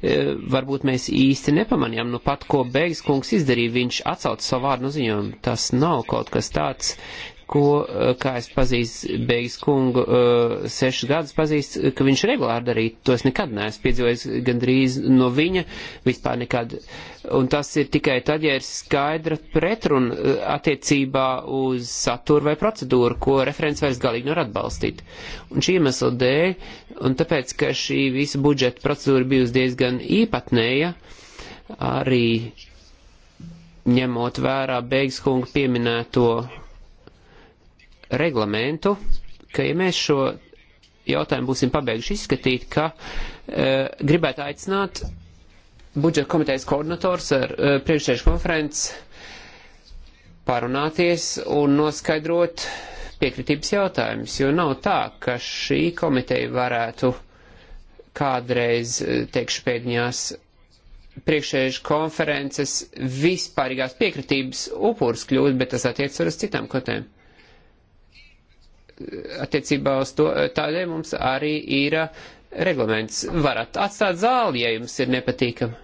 [SPEAKER 2] eh, varbūt mēs īsti nepamanījām, nu pat ko beigas kungs izdarīja, viņš atsauca savu vārdu no ziņojumu. Tas nav kaut kas tāds, ko, eh, kā es pazīstu beigas kungu, sešas gadus pazīstu, ka viņš regulāri darīja. To es nekad neesmu piedzīvojis gandrīz no viņa, vispār nekad. Un tas ir tikai tad, ja ir skaidra pretruna attiecībā uz saturu vai procedūru, ko referents vairs galīgi nevar atbalstīt. Un šī iemesla dēļ Un tāpēc, ka šī visa budžeta procedūra bijusi diezgan īpatnēja, arī ņemot vērā Beigskunga pieminēto reglamentu, ka ja mēs šo jautājumu būsim pabeiguši izskatīt, ka e, gribētu aicināt budžeta komitejas koordinators ar e, priekšsēžu konferences pārunāties un noskaidrot piekritības jautājums, jo nav tā, ka šī komiteja varētu kādreiz, eh, teikšu pēdiņās, priekšējuši konferences vispārīgās piekritības upurs kļūt, bet tas attiec arī uz citām kotēm. Attiecībā uz to eh, tādēļ mums arī ir eh, reglaments. Varat atstāt zāli, ja jums ir nepatīkami.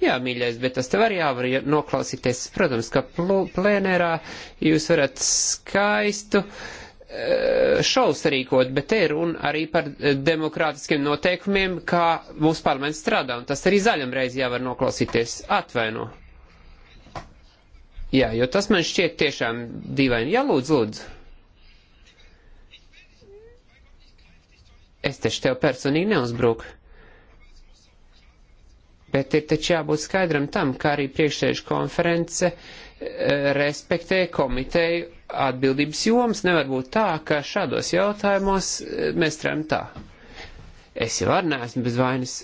[SPEAKER 2] Jā, mīļais, bet tas tev arī jāvar noklausīties. Protams, ka plēnērā jūs varat skaistu uh, Eh, šovs rīkot, bet te ir runa arī par eh, demokrātiskiem noteikumiem, kā mūsu parlaments strādā, un tas arī zaļam reiz jāvar noklausīties atvaino. Jā, jo tas man šķiet tiešām dīvaini. Jā, lūdzu, lūdzu. Es taču tev personīgi neuzbruku. Bet ir taču jābūt skaidram tam, kā arī priekšsēžu konference eh, respektē komiteju atbildības jomas. Nevar būt tā, ka šādos jautājumos e, mēs strādājam tā. Es jau arī neesmu bez vainas.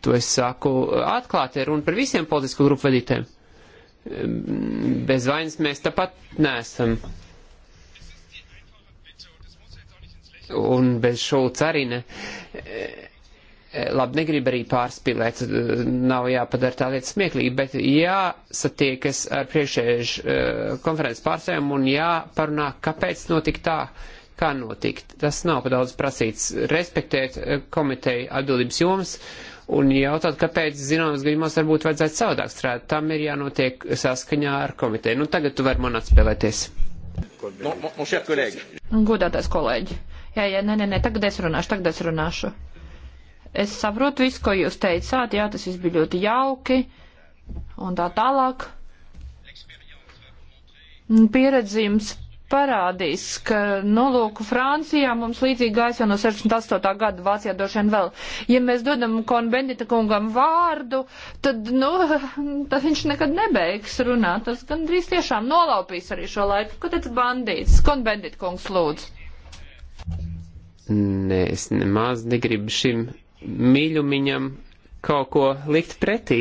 [SPEAKER 2] To es saku atklāti, ir runa par visiem politisko grupu vadītājiem. Bez vainas mēs tāpat neesam. Un bez šulca arī ne. E, Eh, labi, negribu arī pārspīlēt, eh, nav jāpadara tā lieta smieklīga, bet jāsatiekas ar priekšēžu eh, konferences pārstāvjiem un jāparunā, kāpēc notika tā, kā notika. Tas nav pa daudz prasīts. Respektēt komiteju atbildības jomas un jautāt, kāpēc zināmas gadījumos varbūt vajadzētu savādāk strādāt. Tam ir jānotiek saskaņā ar komiteju. Nu, tagad tu vari man atspēlēties.
[SPEAKER 1] Godātais kolēģi. Jā, jā, nē, nē, nē, tagad es runāšu, tagad es runāšu. Es saprotu visu, ko jūs teicāt, jā, tas viss bija ļoti jauki un tā tālāk. Pieredze jums parādīs, ka, nu, lūk, Francijā mums līdzīgi gājas jau no 68. gada, Vācijā droši vien vēl. Ja mēs dodam konbendita kungam vārdu, tad, nu, tad viņš nekad nebeigs runāt. Tas gandrīz tiešām nolaupīs arī šo laiku. Ko tad bandīts? Konbendita kungs
[SPEAKER 2] lūdzu. Nē, es nemaz negribu šim mīļumiņam kaut ko likt pretī.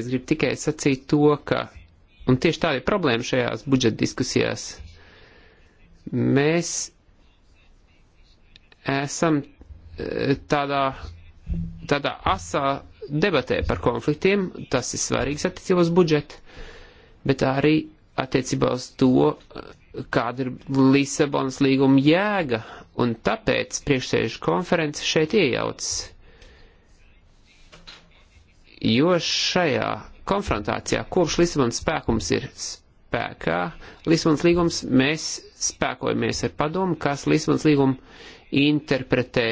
[SPEAKER 2] Es gribu tikai sacīt to, ka, un tieši tāda ir problēma šajās budžeta diskusijās, mēs esam eh, tādā, tādā asā debatē par konfliktiem, tas ir svarīgs attiecībā uz budžetu, bet arī attiecībā uz to, kāda ir Lisabonas līguma jēga, un tāpēc priekšsēžu konference šeit iejaucas. Jo šajā konfrontācijā, kopš Lisabonas spēkums ir spēkā, Lisabonas līgums mēs spēkojamies ar padomu, kas Lisabonas līgumu interpretē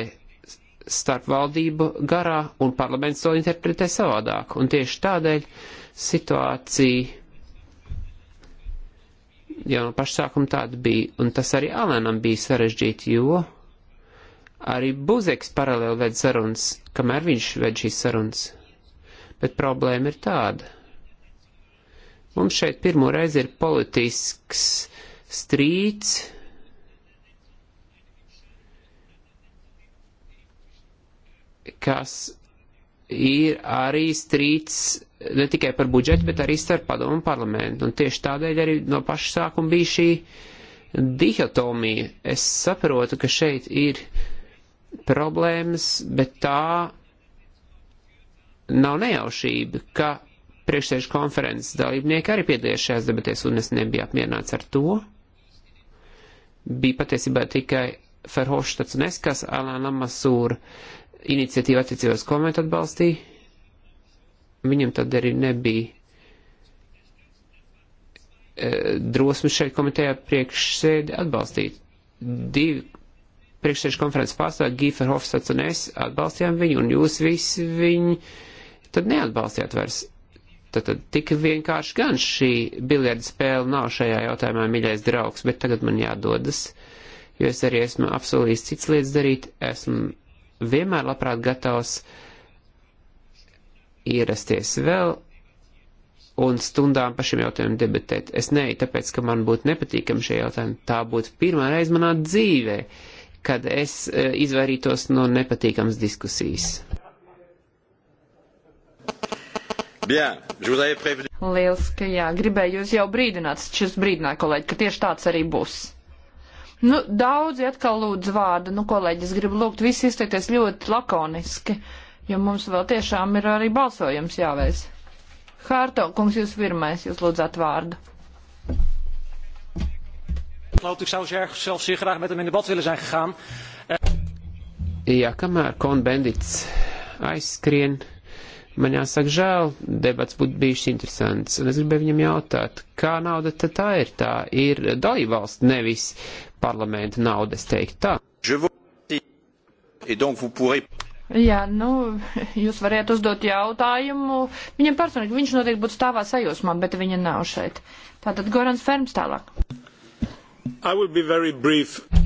[SPEAKER 2] starpvaldību garā, un parlaments to interpretē savādāk. Un tieši tādēļ situācija jau no pašsākuma tāda bija, un tas arī Alenam bija sarežģīti, jo arī Buzeks paralēli ved sarunas, kamēr viņš ved šīs sarunas. Bet problēma ir tāda. Mums šeit pirmo reizi ir politisks strīds. kas ir arī strīds ne tikai par budžetu, bet arī starp padomu un parlamentu. Un tieši tādēļ arī no paša sākuma bija šī dihotomija. Es saprotu, ka šeit ir problēmas, bet tā nav nejaušība, ka priekšsēžu konferences dalībnieki arī piedalījās šajās debatēs, un es nebiju apmierināts ar to. Bija patiesībā tikai Ferhofštats un es, kas Alāna Masūra iniciatīvu attiecībās komentu atbalstīja. Viņam tad arī nebija e, drosmi šeit komitejā priekšsēdi atbalstīt. Divi priekšsēžu konferences pārstāvji, Gīfer Hofstats un es, atbalstījām viņu, un jūs visi viņu tad neatbalstījāt vairs. Tad, tad tik vienkārši gan šī biljarda spēle nav šajā jautājumā, mīļais draugs, bet tagad man jādodas, jo es arī esmu apsolījis cits lietas darīt, esmu vienmēr labprāt gatavs ierasties vēl un stundām par šiem jautājumiem debatēt. Es neju tāpēc, ka man būtu nepatīkami šie jautājumi. Tā būtu pirmā reize manā dzīvē, kad es eh, izvairītos no nepatīkamas diskusijas.
[SPEAKER 1] Bien, Lieliski, jā, gribēju jūs jau brīdināt, šis brīdināja kolēģi, ka tieši tāds arī būs. Nu, daudzi atkal lūdz vārdu. Nu, kolēģis, gribu lūgt visi izteikties ļoti lakoniski, jo mums vēl tiešām ir arī balsojums jāveic. Hārto, kungs, jūs pirmais, jūs lūdzat vārdu.
[SPEAKER 2] Jā, eh, kamēr konbendits aizskrien, man jāsaka žēl, debats būtu bijuši interesants. Un es gribēju viņam jautāt, kā nauda tad tā ir? Tā ir dalībvalsts, nevis parlamenta naudu, es teiktu tā.
[SPEAKER 1] Jā, nu, jūs variet uzdot jautājumu. Viņam personīgi viņš noteikti būtu stāvā sajūsmā, bet viņa nav šeit. Tātad Gorans Ferms tālāk.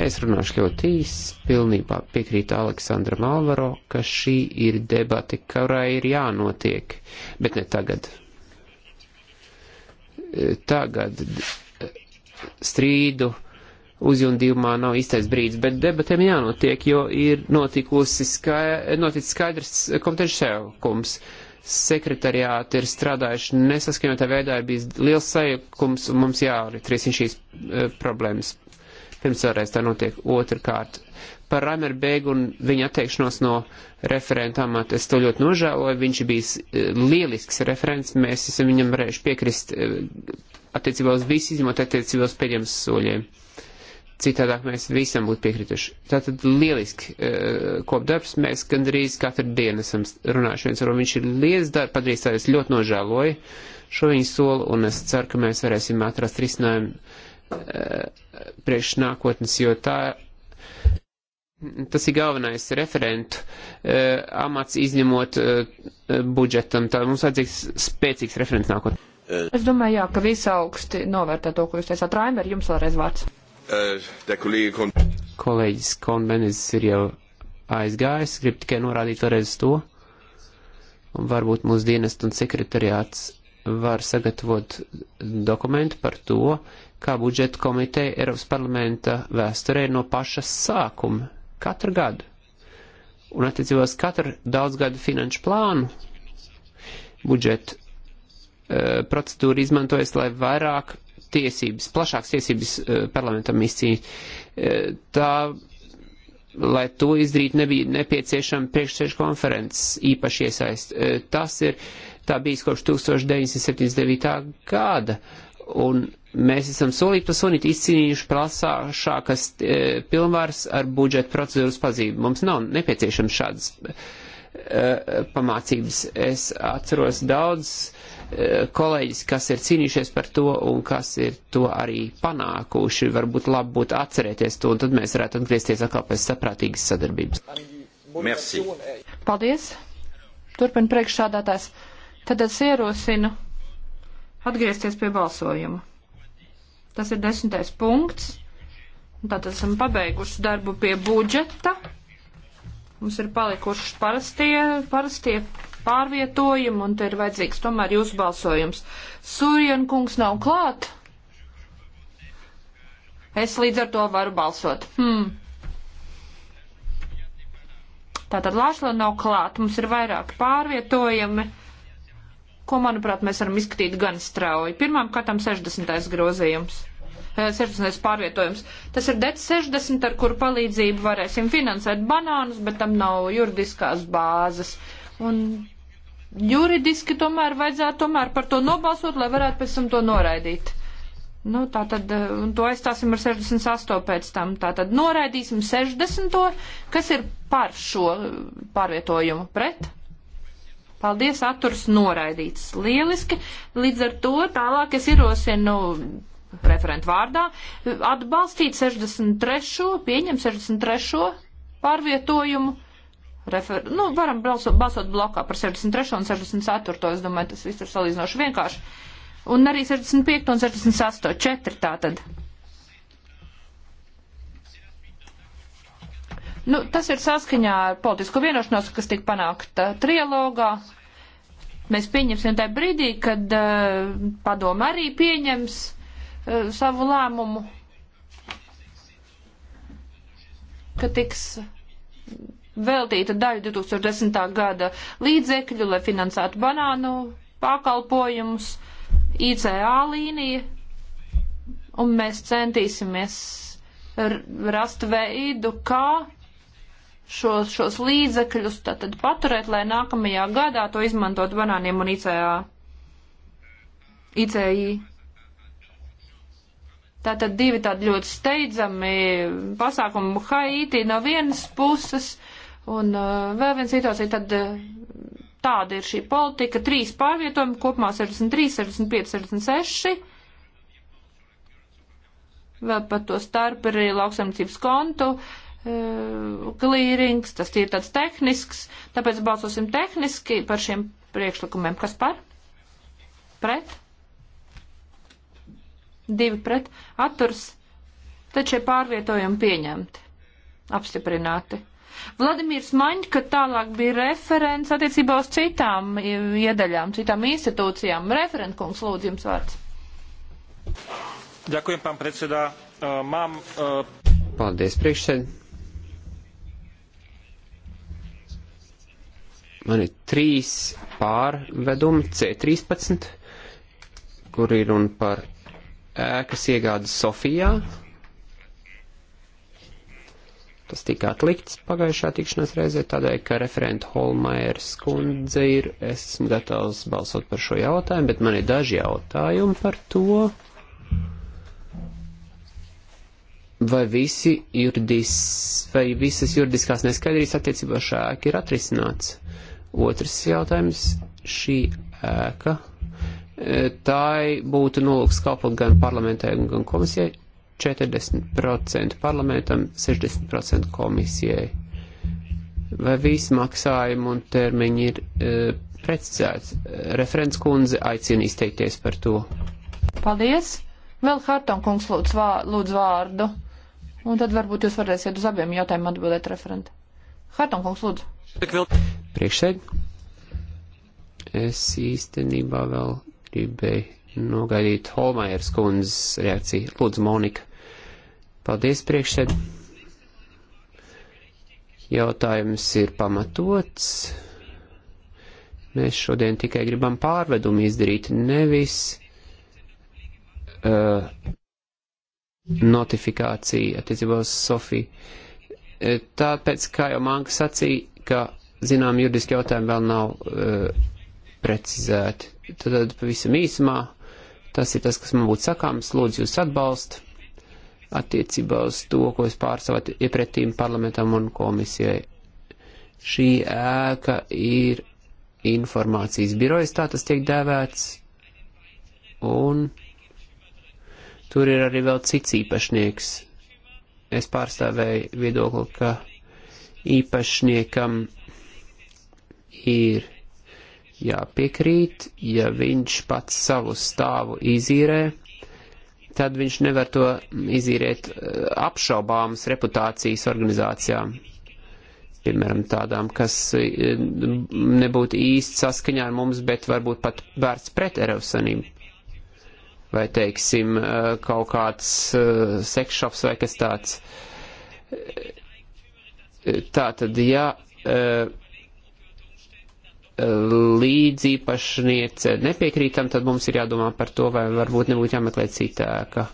[SPEAKER 2] Es runāšu ļoti īsi, pilnībā piekrītu Aleksandram Alvaro, ka šī ir debati, kurai ir jānotiek, bet ne tagad. Tagad strīdu uzjundījumā nav īstais brīdis, bet debatēm jānotiek, jo ir notikusi skai, noticis skaidrs kompetenšēkums. Sekretariāti ir strādājuši nesaskaņotā veidā, ir bijis liels sajukums un mums jāatrisina šīs uh, problēmas. Pirms vēlreiz tā notiek. Otrkārt, par Raimeru Bēgu un viņa atteikšanos no referenta amata. Es to ļoti nožēloju, viņš bija e, lielisks referents, mēs esam viņam varējuši piekrist e, attiecībā uz visu izņemot attiecībā uz pēdējiem soļiem. Citādāk mēs visam būtu piekrituši. Tātad lieliski e, kopdarbs, mēs gandrīz katru dienu esam runājuši viens ar viņu. Viņš ir liels darbs, padarījis tā, es ļoti nožēloju šo viņu soli, un es ceru, ka mēs varēsim atrast risinājumu e, priekš nākotnes, jo tā, tas ir galvenais referentu e, amats izņemot budžetam. Tā mums vajadzīgs spēcīgs referents nākotnē.
[SPEAKER 1] Es domāju, jā, ka visi augsti novērtē to, ko jūs teicāt. Raimer, jums vēlreiz vārds.
[SPEAKER 2] Kolēģis Konbenis ir jau aizgājis, grib tikai norādīt vēlreiz to. Un varbūt mūsu dienest un sekretariāts var sagatavot dokumentu par to, kā budžeta komiteja Eiropas parlamenta vēsturē no paša sākuma katru gadu. Un attiecībās katru daudzgadu finanšu plānu budžeta e, procedūru izmantojas, lai vairāk tiesības, plašākas tiesības eh, parlamentam izcīnīt. Eh, tā, lai to izdarītu, nebija nepieciešama priekšsēžu konferences īpaši iesaist. Eh, tas ir, tā bijis kopš 1979. gada, un mēs esam solīt pa solīt izcīnījuši prasāšākas pilnvars ar budžeta procedūras pazīmi. Mums nav nepieciešams šādas pamācības. Es atceros daudz kolēģis, kas ir cīnījušies par to un kas ir to arī panākuši. Varbūt labi būtu atcerēties to, un tad mēs varētu atgriezties atkal pēc saprātīgas sadarbības.
[SPEAKER 1] Merci. Paldies. Turpin priekšsādātājs. Tad es ierosinu atgriezties pie balsojuma. Tas ir desmitais punkts. Tātad esam pabeiguši darbu pie budžeta. Mums ir palikušas parastie, parastie pārvietojumu, un te ir vajadzīgs tomēr jūsu balsojums. Surjan kungs nav klāt. Es līdz ar to varu balsot. Hmm. Tātad Lāšla nav klāt, mums ir vairāk pārvietojumi, ko, manuprāt, mēs varam izskatīt gan strauji. Pirmām kārtām 60. grozījums. 60. Eh, pārvietojums. Tas ir DEC 60, ar kuru palīdzību varēsim finansēt banānus, bet tam nav juridiskās bāzes. Un juridiski tomēr vajadzētu tomēr par to nobalsot, lai varētu pēc tam to noraidīt. Nu, tā tad, eh, un to aizstāsim ar 68 pēc tam. Tā tad noraidīsim 60, kas ir par šo eh, pārvietojumu pret. Paldies, atturs noraidīts. Lieliski. Līdz ar to tālāk es ierosinu referentu vārdā eh, atbalstīt 63, pieņem 63 pārvietojumu refer... nu, varam balsot, balsot blokā par 63. un 64. Es domāju, tas viss ir salīdzinoši vienkārši. Un arī 65. un 68. četri tātad. Nu, tas ir saskaņā ar politisko vienošanos, kas tika panākta trialogā. Mēs pieņemsim tajā brīdī, kad uh, eh, padoma arī pieņems uh, savu lēmumu, ka tiks veltīta daļa 2010. gada līdzekļu, lai finansētu banānu pakalpojumus, ICA līnija, un mēs centīsimies rast veidu, kā šos, šos līdzekļus tātad paturēt, lai nākamajā gadā to izmantot banāniem un ICA. ICI. Tātad divi tādi ļoti steidzami pasākumi Haiti no vienas puses Un uh, vēl viena situācija, tad uh, tāda ir šī politika, trīs pārvietojumi, kopumā 63, 65, 66. Vēl par to starp arī lauksaimniecības kontu uh, klīrings, tas ir tāds tehnisks, tāpēc balsosim tehniski par šiem priekšlikumiem. Kas par? Pret? Divi pret? Atturs? Taču šie pārvietojumi pieņemti, apstiprināti. Vladimirs Maņka tālāk bija referents attiecībā uz citām iedaļām, citām institūcijām. Referentkungs, lūdzu, jums vārds.
[SPEAKER 2] Ďakujem, pán predsedā. E, mám... E, Paldies, priekšsēd. Man ir trīs pārvedumi C13, kur ir runa par ēkas iegādes Sofijā. Tas tika atlikts pagājušā tikšanās reizē, tādēļ, ka referenta Holmaiers kundze ir, esmu gatavs balsot par šo jautājumu, bet man ir daži jautājumi par to. Vai, visi juridis, vai visas juridiskās neskaidrības attiecībā šā ēka ir atrisināts? Otrs jautājums - šī ēka. E, tā būtu nolūks kalpot gan parlamentai, gan komisijai 40% parlamentam, 60% komisijai. Vai visi maksājumi un termiņi ir e, precizēts? Referents kundze aicina izteikties par to.
[SPEAKER 1] Paldies! Vēl Harton kungs lūdz, vā, lūdz vārdu. Un tad varbūt jūs varēsiet uz abiem jautājumiem atbildēt referenti. Harton kungs
[SPEAKER 2] lūdzu. Priekšsēd. Es īstenībā vēl gribēju nogaidīt Holmajers kundzes reakciju. Lūdzu, Monika. Paldies, priekšsēd. Jautājums ir pamatots. Mēs šodien tikai gribam pārvedumu izdarīt, nevis uh, notifikāciju attiecībā uz Sofiju. E, tāpēc, kā jau Manka sacīja, ka zinām juridiski jautājumi vēl nav uh, precizēti. Tad, tad pavisam īsumā tas ir tas, kas man būtu sakāms. Lūdzu, jūs atbalstu attiecībā uz to, ko es pārstāvētu iepretīm parlamentam un komisijai. Šī ēka ir informācijas birojas, tā tas tiek dēvēts, un tur ir arī vēl cits īpašnieks. Es pārstāvēju viedokli, ka īpašniekam ir jāpiekrīt, ja viņš pats savu stāvu izīrē tad viņš nevar to izīrēt eh, apšaubāmas reputācijas organizācijām. Piemēram, tādām, kas eh, nebūtu īsti saskaņā ar mums, bet varbūt pat vērts pret Eiropas Savienību. Vai, teiksim, eh, kaut kāds sekšops vai kas tāds. Tā tad, ja līdzīpašniece nepiekrītam, tad mums ir jādomā par to, vai varbūt nebūtu jāmeklē citā, ka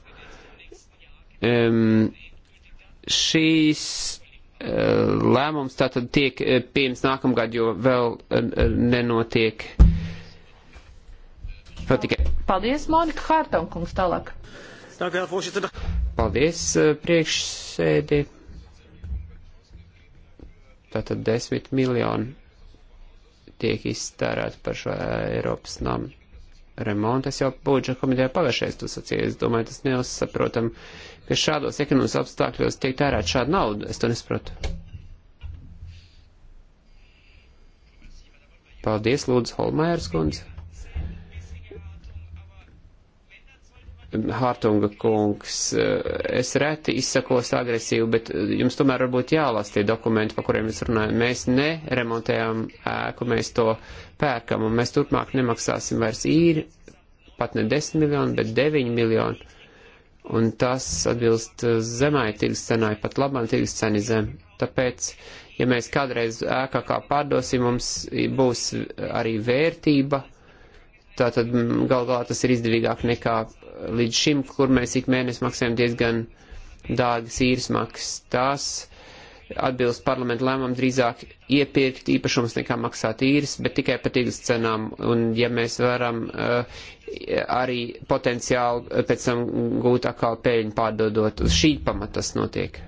[SPEAKER 2] um, šīs uh, lēmums tātad tiek eh, pieņems nākamgad, jo vēl uh, nenotiek. Patikai.
[SPEAKER 1] Paldies, Monika Hārtonkungs, tālāk.
[SPEAKER 2] Paldies, uh, eh, priekšsēdi. Tātad desmit miljoni tiek iztērēti par šo Eiropas namu remontu. Es jau budžeta komitejā pagājušajā to sacīju. Es domāju, tas neuzsaprotam, ka šādos ekonomiskos apstākļos tiek tērēt šāda nauda. Es to nesaprotu. Paldies, Lūdzu, Holmēras kundze. Hārtunga kungs, eh, es reti izsakos agresīvi, bet eh, jums tomēr varbūt jālas tie dokumenti, pa kuriem mēs runājam. Mēs neremontējam ēku, mēs to pērkam, un mēs turpmāk nemaksāsim vairs īri, pat ne 10 miljonu, bet 9 miljonu. Un tas atbilst eh, zemai tirgus cenai, pat labam tirgus ceni zem. Tāpēc, ja mēs kādreiz ēkā kā pārdosim, mums būs arī vērtība Tātad mm, gal galā tas ir izdevīgāk nekā līdz šim, kur mēs ik mēnesi maksājam diezgan dārgas īres maksas. Tās atbilst parlamentu lēmumam drīzāk iepirkt īpašums nekā maksāt īres, bet tikai par tirgus cenām. Un ja mēs varam uh, arī potenciāli eh, pēc tam gūt atkal peļņu pārdodot, uz šī pamatas notiek.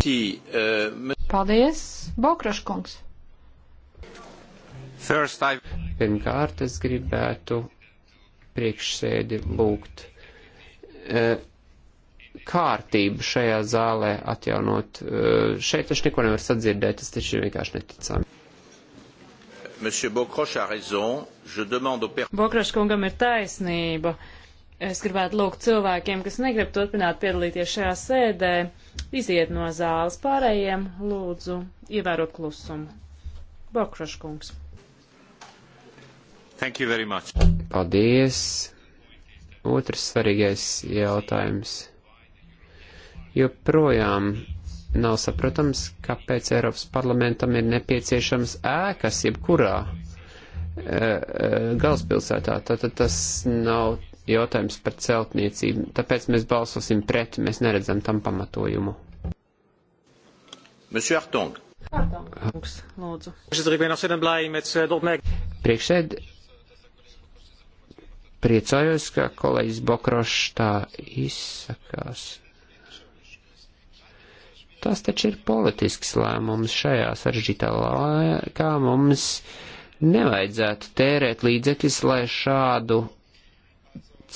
[SPEAKER 1] Eh, Paldies,
[SPEAKER 2] Bokraškungs! First, I... Pirmkārt, es gribētu priekšsēdi lūgt e, kārtību šajā zālē atjaunot. E, šeit taču neko nevar sadzirdēt, tas taču ir vienkārši neticami.
[SPEAKER 3] Bokrašs kungam ir taisnība. Es gribētu lūgt cilvēkiem, kas negrib turpināt piedalīties šajā sēdē, iziet no zāles pārējiem, lūdzu, ievērot klusumu. Bokrašs kungs.
[SPEAKER 2] Thank you very much. Paldies. Otrs svarīgais jautājums. Jo projām nav saprotams, kāpēc Eiropas parlamentam ir nepieciešams ēkas jebkurā e, e, galvaspilsētā. Tātad tas nav jautājums par celtniecību. Tāpēc mēs balsosim pret, mēs neredzam tam pamatojumu.
[SPEAKER 1] Monsieur Artong. Artong. Lūdzu. Eh,
[SPEAKER 2] Priekšēd Priecājos, ka kolēģis Bokrošs tā izsakās. Tas taču ir politisks lēmums šajā saržģītā laikā. Mums nevajadzētu tērēt līdzekļus, lai šādu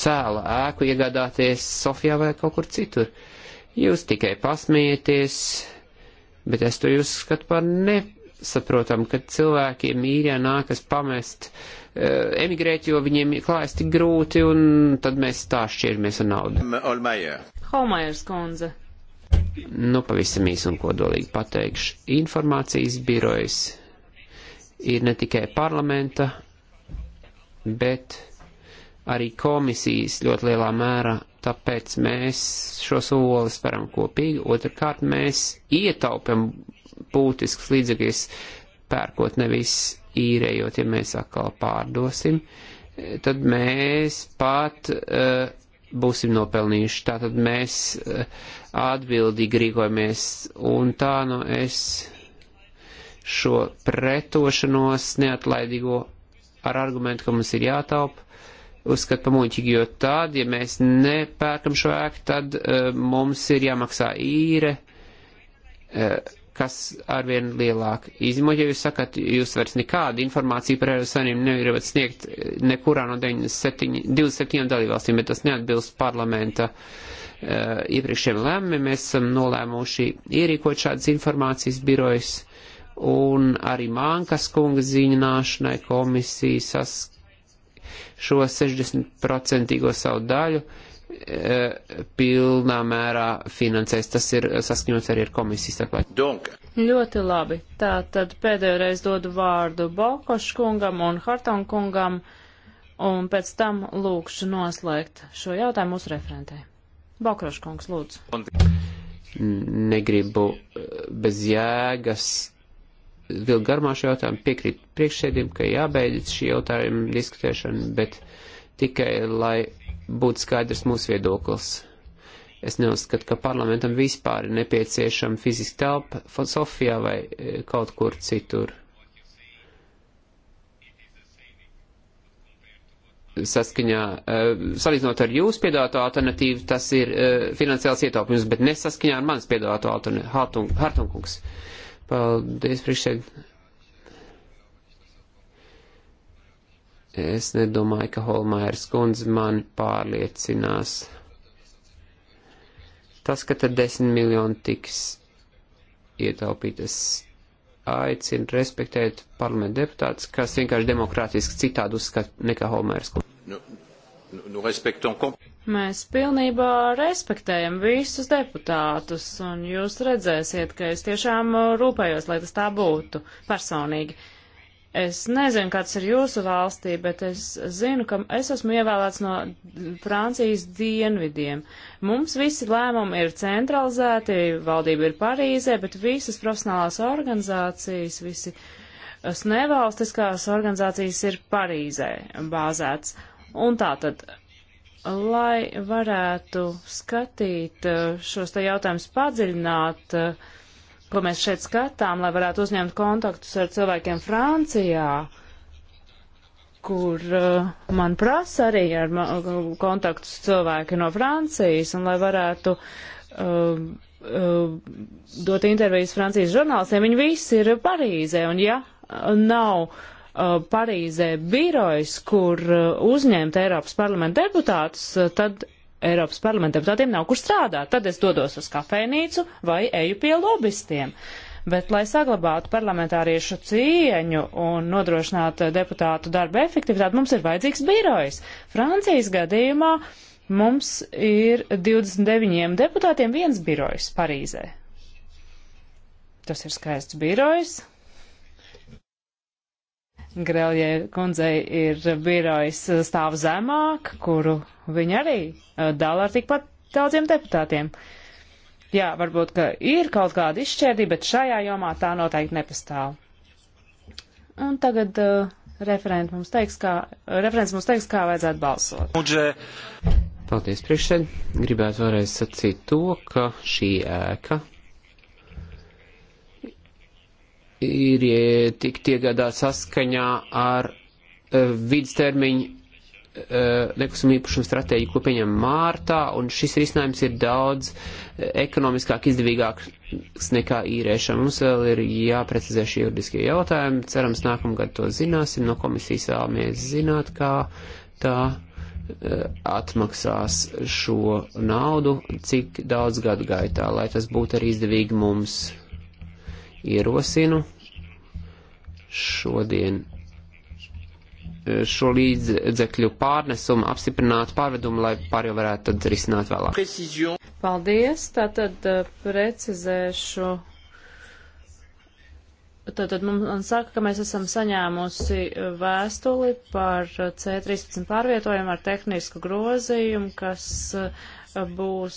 [SPEAKER 2] cēla ēku iegādāties Sofijā vai kaut kur citur. Jūs tikai pasmieties, bet es to jūs skatu par nepārāk saprotam, ka cilvēkiem īrijā nākas pamest, eh, emigrēt, jo viņiem klājas tik grūti, un tad mēs tā šķirmies ar naudu.
[SPEAKER 3] Holmajers kundze.
[SPEAKER 2] Nu, pavisam īsi un kodolīgi pateikšu. Informācijas birojas ir ne tikai parlamenta, bet arī komisijas ļoti lielā mērā, tāpēc mēs šo soli speram kopīgi. Otrakārt, mēs ietaupam būtisks līdzekļus pērkot nevis īrējot, ja mēs atkal pārdosim, tad mēs pat uh, būsim nopelnījuši. Tātad mēs uh, atbildīgi rīkojamies un tā nu es šo pretošanos neatlaidīgo ar argumentu, ka mums ir jātaupa, uzskatu pamuļķīgi, jo tad, ja mēs nepērkam šo ēku, tad uh, mums ir jāmaksā īre. Uh, kas arvien lielāk izmuļ, ja jūs sakat, jūs vairs nekādu informāciju par Eiropas Savienību nevarat sniegt eh, nekurā no 97, 27 dalībvalstīm, bet tas neatbilst parlamenta uh, iepriekšējiem lēmumiem. Mēs esam nolēmuši ierīkot šādas informācijas birojas un arī Mankas kunga ziņināšanai komisija sas šo 60% savu daļu. Uh, Eh, pilnā mērā finansēs. Tas ir saskaņots arī ar komisijas starpā.
[SPEAKER 3] Ļoti labi. Tā tad pēdējo reizi dodu vārdu Balkošu kungam un Hartong kungam, un pēc tam lūkšu noslēgt šo jautājumu mūsu referentē. Balkošu kungs,
[SPEAKER 2] lūdzu. Negribu eh, bez jēgas vilkt garumā šo jautājumu, piekrīt priekšsēdim, ka jābeidz šī jautājuma diskutēšana, bet tikai lai būtu skaidrs mūsu viedoklis. Es neuzskatu, ka parlamentam vispār ir nepieciešama fiziska telpa Sofijā vai e, kaut kur citur. Saskaņā, e, salīdzinot ar jūsu piedāvāto alternatīvu, tas ir e, finansiāls ietaupījums, bet nesaskaņā ar manas piedāvāto alternatīvu. Hartunkungs. Paldies, priekšsēdētāji. Es nedomāju, ka Holmairs kundze mani pārliecinās. Tas, ka tad desmit miljoni tiks ietaupītas, aicinu respektēt parlamentu deputātus, kas vienkārši demokrātiski citādi uzskata nekā Holmairs kundze.
[SPEAKER 1] Nu, nu, nu
[SPEAKER 3] Mēs pilnībā respektējam visus deputātus, un jūs redzēsiet, ka es tiešām rūpējos, lai tas tā būtu personīgi. Es nezinu, kāds ir jūsu valstī, bet es zinu, ka es esmu ievēlēts no Francijas dienvidiem. Mums visi lēmumi ir centralizēti, valdība ir Parīzē, bet visas profesionālās organizācijas, visi nevalstiskās organizācijas ir Parīzē bāzēts. Un tā tad, lai varētu skatīt eh, šos te jautājumus padziļināt, uh, ko mēs šeit skatām, lai varētu uzņemt kontaktus ar cilvēkiem Francijā, kur uh, man prasa arī ar uh, kontaktus cilvēki no Francijas, un lai varētu uh, uh, dot intervijas Francijas žurnālistiem, viņi visi ir Parīzē, un ja nav uh, Parīzē birojs, kur uh, uzņemt Eiropas parlamenta deputātus, uh, tad Eiropas parlamenta deputātiem nav kur strādāt. Tad es dodos uz kafejnīcu vai eju pie lobistiem. Bet, lai saglabātu parlamentāriešu cieņu un nodrošinātu deputātu darba efektivitāti, mums ir vajadzīgs birojs. Francijas gadījumā mums ir 29 deputātiem viens birojs Parīzē. Tas ir skaists birojs, Grelie kundzei ir birojs stāv zemāk, kuru viņa arī eh, dala ar tikpat daudziem deputātiem. Jā, varbūt, ka ir kaut kāda izšķērdība, bet šajā jomā tā noteikti nepastāv. Un tagad uh, referents mums teiks, kā, referents mums teiks, kā vajadzētu balsot.
[SPEAKER 2] Budžē. Paldies, priekšsēd. Gribētu vēlreiz sacīt to, ka šī ēka ir tikt iegādāt saskaņā ar uh, e, vidustermiņu uh, e, nekustamību īpašumu stratēģiju, ko pieņem mārtā, un šis risinājums ir daudz e, ekonomiskāk izdevīgāks nekā īrēšana. Mums vēl ir jāprecizē šie juridiskie jautājumi, cerams nākamgad to zināsim, no komisijas vēlamies zināt, kā tā atmaksās šo naudu, cik daudz gadu gaitā, lai tas būtu arī izdevīgi mums Ierosinu šodien eh, šo līdzekļu pārnesumu apstiprināt pārvedumu, lai pārējo varētu tad risināt vēlāk.
[SPEAKER 1] Paldies,
[SPEAKER 3] tātad eh, precizēšu. Tātad man saka, ka mēs esam saņēmusi eh, vēstuli par C13 pārvietojumu ar tehnisku grozījumu, kas uh, būs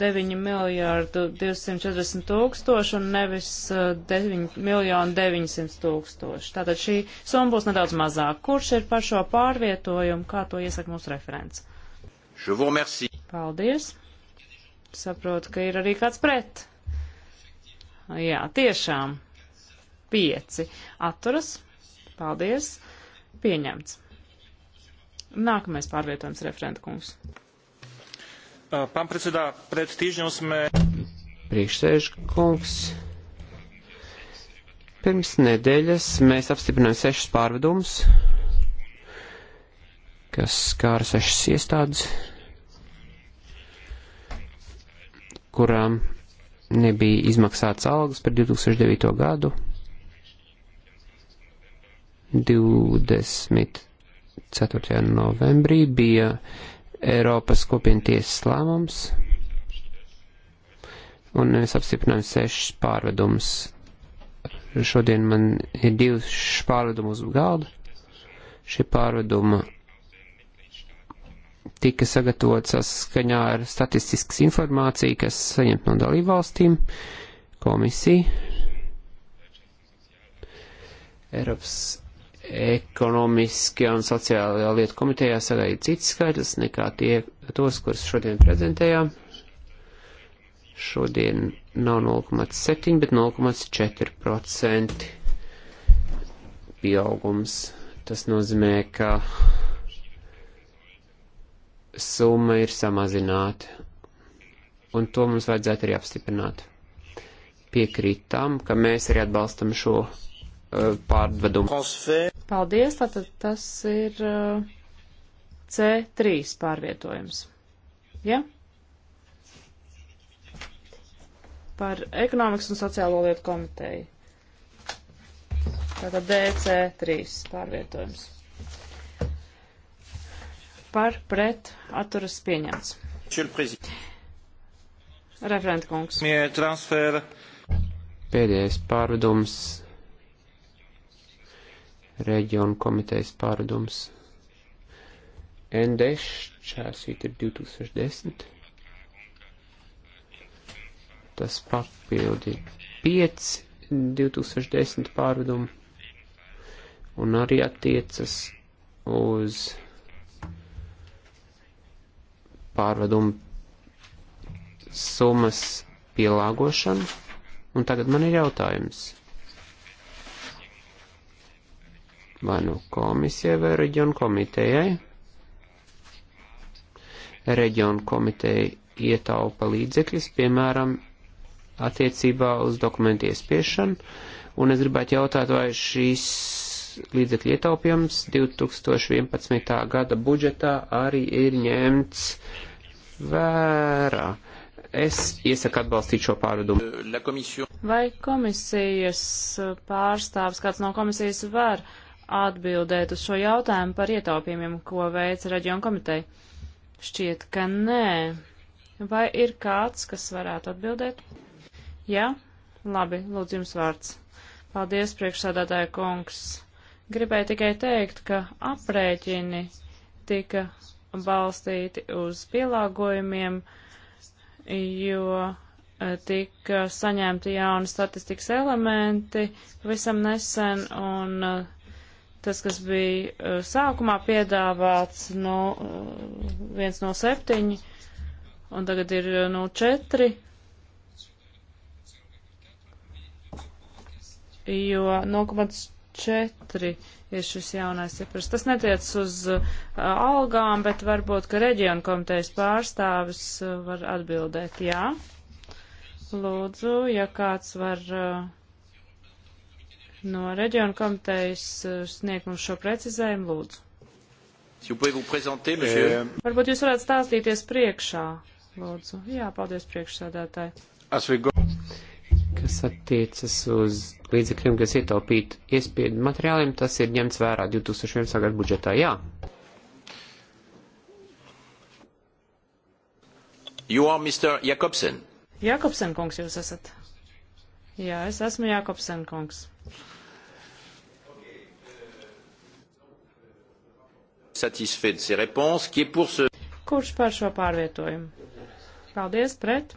[SPEAKER 3] 9 eh, miljārdu 240 tūkstoši un nevis 9 eh, miljonu 900 tūkstoši. Tātad šī summa būs nedaudz mazāk. Kurš ir par šo pārvietojumu, kā to iesaka mūsu referents? Paldies. Saprotu, ka ir arī kāds pret. Jā, tiešām. Pieci. Atturas. Paldies. Pieņemts. Nākamais pārvietojums referenta kungs.
[SPEAKER 2] Eh, pán predsedā, pred týždňom sme... Priekšsēžkungs. Pirms nedēļas mēs apstiprinājām sešas pārvedumus, kas skāra sešas iestādes, kurām nebija izmaksāts algas par 2009. gadu. 24. novembrī bija Eiropas kopienu tiesas lēmums un es apstiprināju sešas pārvedumus. Šodien man ir divas pārvedumus uz galda. Šie pārvedumi tika sagatavots saskaņā ar statistiskas informāciju, kas saņemt no dalībvalstīm, komisija, Eiropas ekonomiskajā un sociālajā lietu komitejā sagaidīt cits skaidrs nekā tie, tos, kurus šodien prezentējām. Šodien nav 0,7, bet 0,4% pieaugums. Tas nozīmē, ka summa ir samazināta, un to mums vajadzētu arī apstiprināt. Piekrītam, ka mēs arī atbalstam šo Eh, pārvedumu.
[SPEAKER 3] Paldies, tātad tas ir eh, C3 pārvietojums. Ja? Par ekonomikas un sociālo lietu komiteju. Tātad DC3 pārvietojums. Par pret atturas pieņemts. Referent kungs.
[SPEAKER 2] Pēdējais pārvedums reģionu komitejas pārdums. NDŠ šķērsīt ir 2010. Tas papildi 5 2010 pārvedumu un arī attiecas uz pārvedumu summas pielāgošanu. Un tagad man ir jautājums. vai nu komisijai vai reģionu komitejai. Reģionu komiteja ietaupa līdzekļus, piemēram, attiecībā uz dokumentu iespiešanu, un es gribētu jautāt, vai šīs līdzekļu ietaupījums 2011. gada budžetā arī ir ņemts vērā. Es iesaku atbalstīt šo pārvedumu.
[SPEAKER 3] Vai komisijas pārstāvs, kāds no komisijas var atbildēt uz šo jautājumu par ietaupījumiem, ko veica reģionu komiteja? Šķiet, ka nē. Vai ir kāds, kas varētu atbildēt? Jā? Labi, lūdzu jums vārds. Paldies, priekšsādātāja kungs. Gribēju tikai teikt, ka aprēķini tika balstīti uz pielāgojumiem, jo e, tika saņemti jauni statistikas elementi pavisam nesen, un e, tas, kas bija eh, sākumā piedāvāts, no eh, viens no septiņi, un tagad ir eh, no četri, jo 0,4 ir šis jaunais cipars. Tas netiec uz algām, bet varbūt, ka reģionu komitejas pārstāvis var atbildēt, jā. Lūdzu, ja kāds var uh, no reģiona komitejas eh, sniegt mums šo precizējumu, lūdzu.
[SPEAKER 1] Si prezentē, e... Eh,
[SPEAKER 3] Varbūt jūs varētu stāstīties priekšā, lūdzu. Jā, paldies priekšsēdētāji.
[SPEAKER 2] Go... Kas attiecas uz līdzekļiem, kas ietaupīti iespiedu materiāliem, tas ir ņemts vērā 2011. gada budžetā, jā. You are Mr. Jakobsen.
[SPEAKER 3] Jakobsen kungs jūs esat. Jā, es esmu Jakobsen kungs. Uh,
[SPEAKER 2] satisfait de ces réponses, qui est pour ce.
[SPEAKER 3] Kurš par šo pārvietojumu? Paldies, pret.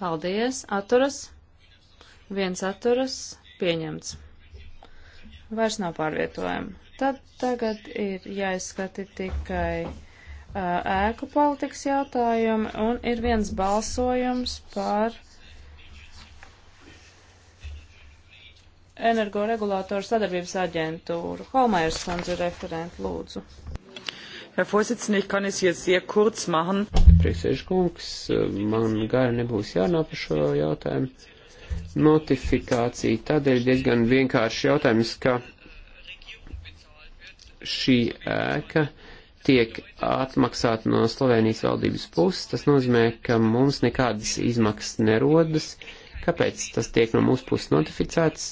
[SPEAKER 3] Paldies, atturas. Viens atturas, pieņemts. Vairs nav pārvietojumu. Tad tagad ir jāizskata tikai uh, ēku politikas jautājumi un ir viens balsojums par energoregulātoru sadarbības aģentūru. Holmairs kundze referent, lūdzu.
[SPEAKER 2] Herr
[SPEAKER 1] Vorsitzende, ich kann es jetzt
[SPEAKER 2] sehr kurz machen. Priekšsēž kungs, man gara nebūs jārunā par šo jautājumu. Notifikācija tādēļ diezgan vienkārši jautājums, ka šī ēka tiek atmaksāta no Slovenijas valdības puses. Tas nozīmē, ka mums nekādas izmaksas nerodas. Kāpēc tas tiek no mūsu puses notificēts?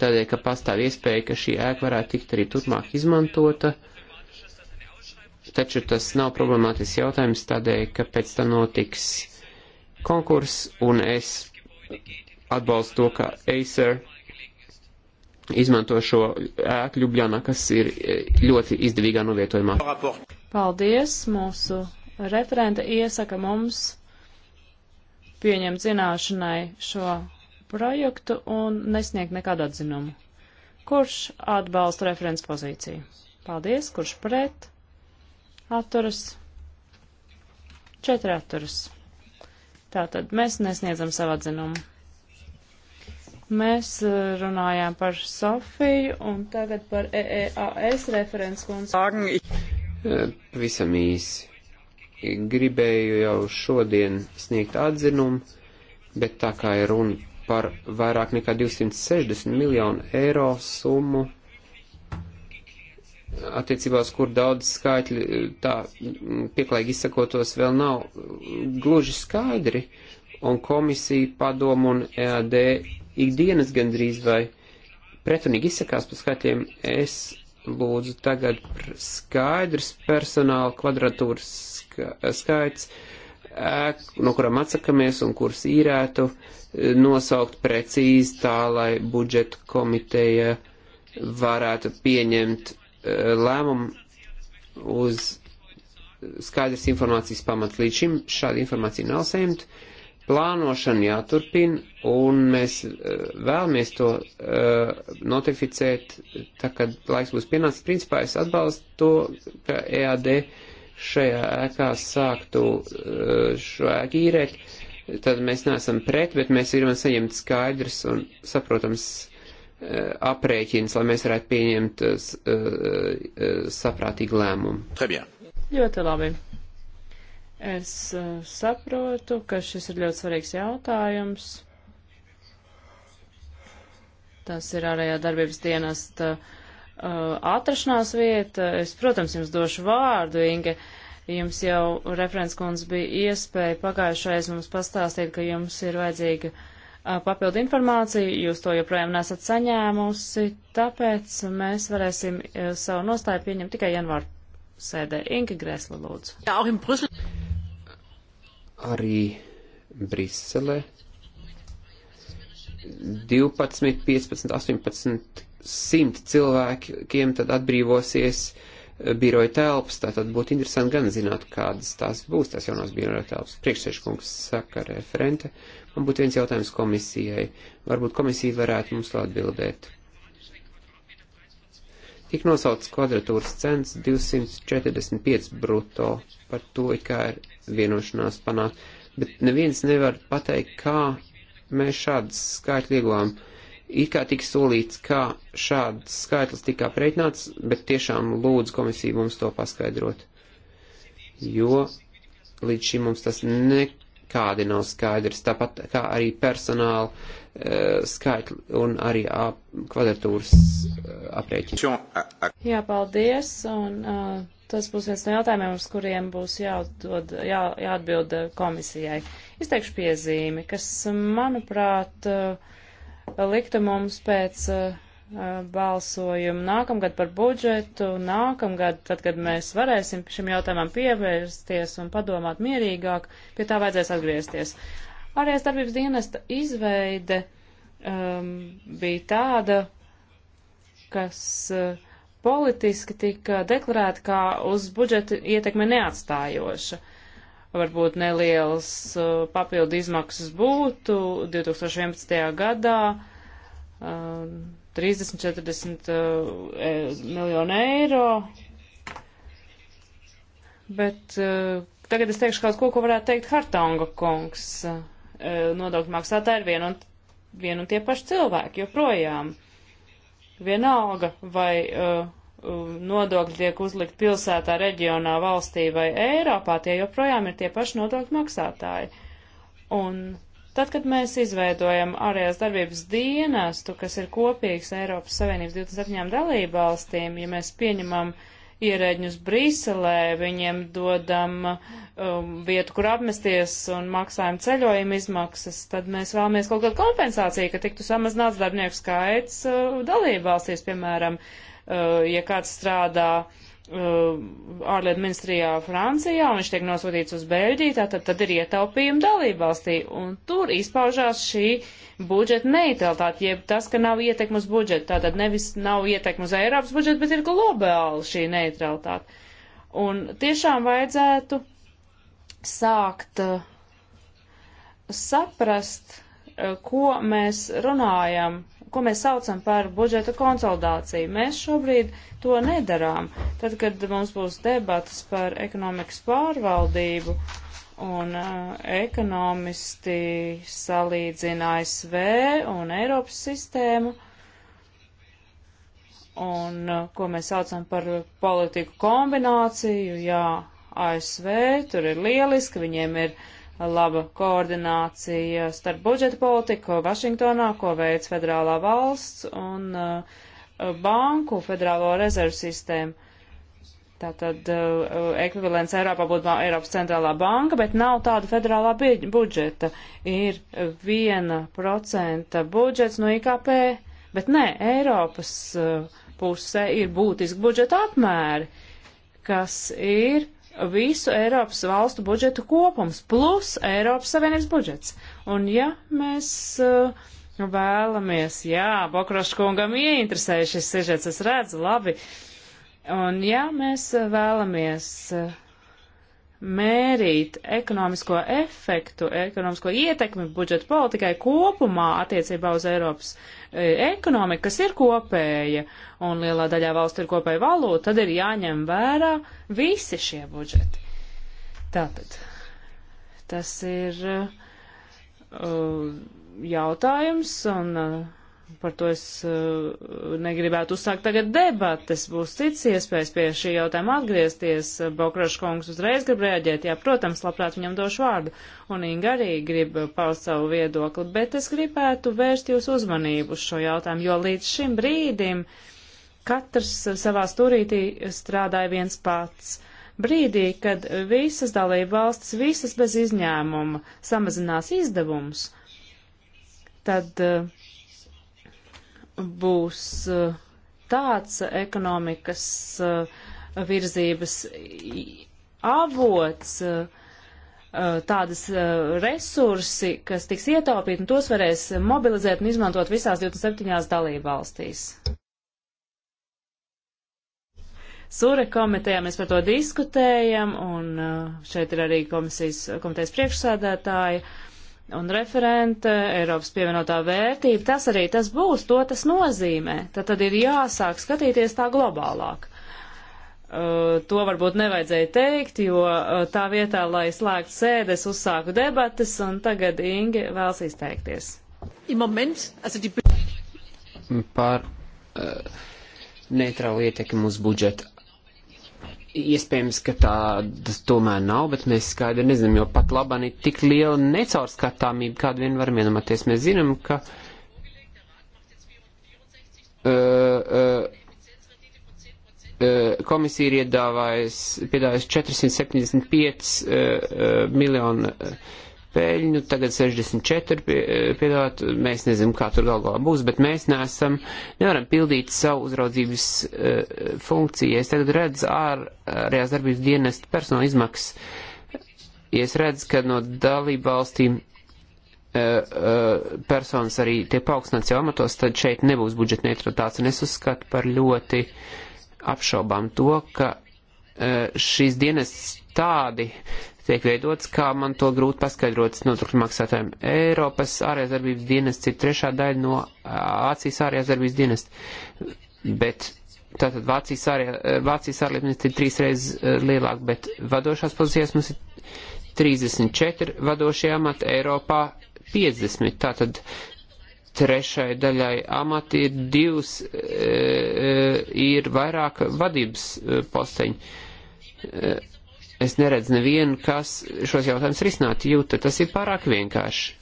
[SPEAKER 2] tādēļ, ka pastāv iespēja, ka šī ēka varētu tikt arī turpmāk izmantota, taču tas nav problemātisks jautājums tādēļ, ka pēc tam notiks konkurss, un es atbalstu to, ka Acer izmanto šo ēku Ljubljana, kas ir e, ļoti izdevīgā novietojumā.
[SPEAKER 3] Paldies, mūsu referente iesaka mums pieņemt zināšanai šo projektu un nesniegt nekādu atzinumu. Kurš atbalsta referents pozīciju? Paldies, kurš pret? Atturas. Četri atturas. Tātad mēs nesniedzam savu atzinumu. Mēs eh, runājām par Sofiju un tagad par EEAS referents kundzi.
[SPEAKER 2] Eh, visam īsi. Gribēju jau šodien sniegt atzinumu, bet tā kā ir runa par vairāk nekā 260 miljonu eiro summu, attiecībās, kur daudz skaitļi, tā pieklājīgi izsakotos, vēl nav gluži skaidri, un komisija padomu un EAD ikdienas gandrīz vai pretunīgi izsakās par skaitļiem, es lūdzu tagad skaidrs personāla kvadratūras ska skaits, no kuram atsakamies un kurus īrētu, uh, nosaukt precīzi tā, lai budžeta komiteja varētu pieņemt e, lēmumu uz skaidrs informācijas pamats. Līdz šim šāda informācija nav saimta. Plānošana jāturpina, un mēs e, vēlamies to uh, notificēt, tā kad laiks būs pienācis. Principā es atbalstu to, ka EAD šajā ēkā sāktu uh, šo ēku īrēt. Uh, tad mēs neesam pret, bet mēs gribam saņemt skaidrs un saprotams eh, aprēķins, lai mēs varētu pieņemt eh, eh, saprātīgu lēmumu.
[SPEAKER 3] Ļoti labi. Es saprotu, ka šis ir ļoti svarīgs jautājums. Tas ir ārējā darbības dienesta atrašanās vieta. Es, protams, jums došu vārdu, Inge. Uh, Jums jau referents kundze bija iespēja pagājušais mums pastāstīt, ka jums ir vajadzīga papildu informācija, jūs to joprojām nesat saņēmusi, tāpēc mēs varēsim savu nostāju pieņemt tikai janvāru sēdē. Inka Gresla, lūdzu.
[SPEAKER 2] Arī Brisele 12, 15, 18 simt cilvēkiem tad atbrīvosies uh, biroja telpas, tātad būtu interesanti gan zināt, kādas tās būs tās jaunās biroja telpas. Priekšsēžkungs saka referente, man būtu viens jautājums komisijai, varbūt komisija varētu mums to atbildēt. Tik nosaucts kvadratūras cents 245 bruto, par to it kā ir vienošanās panākt, bet neviens nevar pateikt, kā mēs šādas skaitļu ieguvām. Uh, It kā tika solīts, ka šāds skaitlis tika apreitināts, bet tiešām lūdzu komisiju mums to paskaidrot. Jo līdz šim mums tas nekādi nav skaidrs, tāpat kā arī personāla uh, skaitli un arī ap, kvadratūras eh, aprēķinu.
[SPEAKER 3] Jā, paldies, un uh, tas būs viens no jautājumiem, uz kuriem būs jādod, jā, jāatbild komisijai. Izteikšu piezīmi, kas, manuprāt, uh, liktu mums pēc uh, eh, eh, balsojumu nākamgad par budžetu, nākamgad, tad, kad mēs varēsim šim jautājumam pievērsties un padomāt mierīgāk, pie tā vajadzēs atgriezties. Ārējās darbības dienesta izveide um, bija tāda, kas uh, politiski tika deklarēta kā uz budžeta ietekme neatstājoša. Uh, varbūt nelielas uh, papildu izmaksas būtu 2011. gadā um, uh, 30-40 e, uh, miljonu eiro. Bet uh, tagad es teikšu kaut ko, ko varētu teikt Hartonga kungs. Uh, nodokļu maksātāji ir vien un, vien un tie paši cilvēki joprojām. Vienalga, vai uh, nodokļi tiek uzlikt pilsētā, reģionā, valstī vai Eiropā, tie joprojām ir tie paši nodokļu maksātāji. Un tad, kad mēs izveidojam ārējās darbības dienestu, kas ir kopīgs Eiropas Savienības 27 dalību valstīm, ja mēs pieņemam ierēģņus Briselē, viņiem dodam um, vietu, kur apmesties un maksājam ceļojuma izmaksas, tad mēs vēlamies kaut kādu kompensāciju, ka tiktu samazināts darbinieku skaits uh, dalību valstīs, piemēram, uh, Eh, ja kāds strādā eh, ārlietu ministrijā Francijā un viņš tiek nosūtīts uz Bēļģiju, tātad tad ir ietaupījumi dalībvalstī. Un tur izpaužās šī budžeta neutralitāte, jeb tas, ka nav ietekmas budžeta. Tātad nevis nav ietekmas uz Eiropas budžetu, bet ir globāli šī neutralitāte. Un tiešām vajadzētu sākt eh, saprast, ko mēs runājam, ko mēs saucam par budžeta konsolidāciju. Mēs šobrīd to nedarām. Tad, kad mums būs debatas par ekonomikas pārvaldību un uh, ekonomisti salīdzina ASV un Eiropas sistēmu, un uh, ko mēs saucam par politiku kombināciju, jā, ASV tur ir lieliski, viņiem ir uh, laba koordinācija starp budžeta politiku Vašingtonā, ko veids federālā valsts un uh, banku federālo rezervu sistēmu. Tātad uh, ekvivalents Eiropā būtu Eiropas centrālā banka, bet nav tāda federālā budžeta. Ir viena procenta budžets no IKP, bet nē, Eiropas uh, pusē ir būtiski budžeta apmēri, kas ir visu Eiropas valstu budžetu kopums plus Eiropas Savienības budžets. Un ja mēs uh, vēlamies, jā, Bokroškungam ieinteresēja šis sižets, es redzu, labi. Un ja mēs uh, vēlamies uh, mērīt ekonomisko efektu, ekonomisko ietekmi budžeta politikai kopumā attiecībā uz Eiropas uh, E, ekonomika, kas ir kopēja, un lielā daļā valstu ir kopēja valūta, tad ir jāņem vērā visi šie budžeti. Tātad, tas ir uh, jautājums, un uh, par to es uh, negribētu uzsākt tagad debates, būs cits iespējas pie šī jautājuma atgriezties. Bokrašs kungs uzreiz grib reaģēt, jā, protams, labprāt viņam došu vārdu, un Inga arī grib paust savu viedokli, bet es gribētu vērst jūs uzmanību uz šo jautājumu, jo līdz šim brīdim katrs savā stūrītī strādāja viens pats brīdī, kad visas dalība valstis, visas bez izņēmuma, samazinās izdevumus, tad uh, būs eh, tāds ekonomikas eh, virzības avots, eh, tādas resursi, kas tiks ietaupīti, un tos varēs mobilizēt un izmantot visās 27 dalībvalstīs. Sūre komitejā mēs par to diskutējam, un šeit ir arī komisijas, komitejas priekšsēdētāja. Uh, un referente, Eiropas pievienotā vērtība, tas arī tas būs, to tas nozīmē. Tad, tad ir jāsāk skatīties tā globālāk. Uh, to varbūt nevajadzēja teikt, jo uh, tā vietā, lai slēgtu sēdes, uzsāku debatas, un tagad Inge vēlas izteikties.
[SPEAKER 2] Par uh, neitrālu ietekmi uz budžetu Iespējams, ka tādas tomēr nav, bet mēs skaidri nezinām, jo pat labāk ir tik liela necaurskatāmība, kādu vien varam iedomāties. Mēs zinām, ka uh, uh, komisija ir iedāvājusi, piedāvājusi 475 uh, uh, miljonu. Uh, peļņu, tagad 64 pie, piedāvāt, mēs nezinām, kā tur galvā būs, bet mēs neesam, nevaram pildīt savu uzraudzības uh, funkciju. Es tagad redzu ārējās darbības dienestu personāla izmaksas. Es redzu, ka no dalību valstīm uh, uh, personas arī tiek paaugstināts jau amatos, tad šeit nebūs budžeta neutralitātes, un es uzskatu par ļoti apšaubām to, ka šīs dienas tādi tiek veidotas, kā man to grūti paskaidrot nodokļu maksātājiem. Eiropas ārējās darbības dienests ir trešā daļa no Vācijas ārējās darbības dienesta, bet tātad Vācijas, ārējā, Vācijas ārlietu ministri ir trīs reizes lielāk, bet vadošās pozīcijās mums ir 34 vadošie amati, Eiropā 50. Tātad trešai daļai amati ir divs, e, e, ir vairāk vadības posteņi. E, es neredzu nevienu, kas šos jautājumus risinātu, jo tas ir pārāk vienkārši.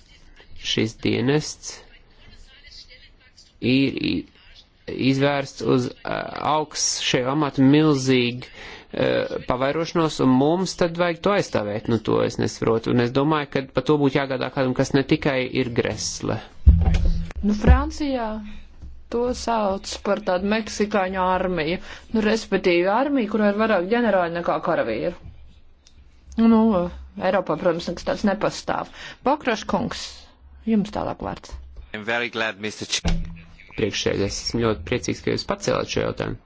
[SPEAKER 2] Šis dienests ir izvērsts uz augsts šajā amatu milzīgi uh, pavairošanos, un mums tad vajag to aizstāvēt. Nu, to es nesaprotu. Un es domāju, ka par to būtu jāgādā kādam, kas ne tikai ir gresle.
[SPEAKER 1] Nu, Francijā to sauc par tādu meksikāņu armiju, nu, respektīvi armiju, kurā ir vairāk ģenerāļi nekā karavīru. Nu, Eiropā, protams, nekas tāds nepastāv. Pokraškungs, jums tālāk vārds.
[SPEAKER 2] Priekšsēdē, es esmu ļoti priecīgs, ka jūs pacēlāt šo jautājumu.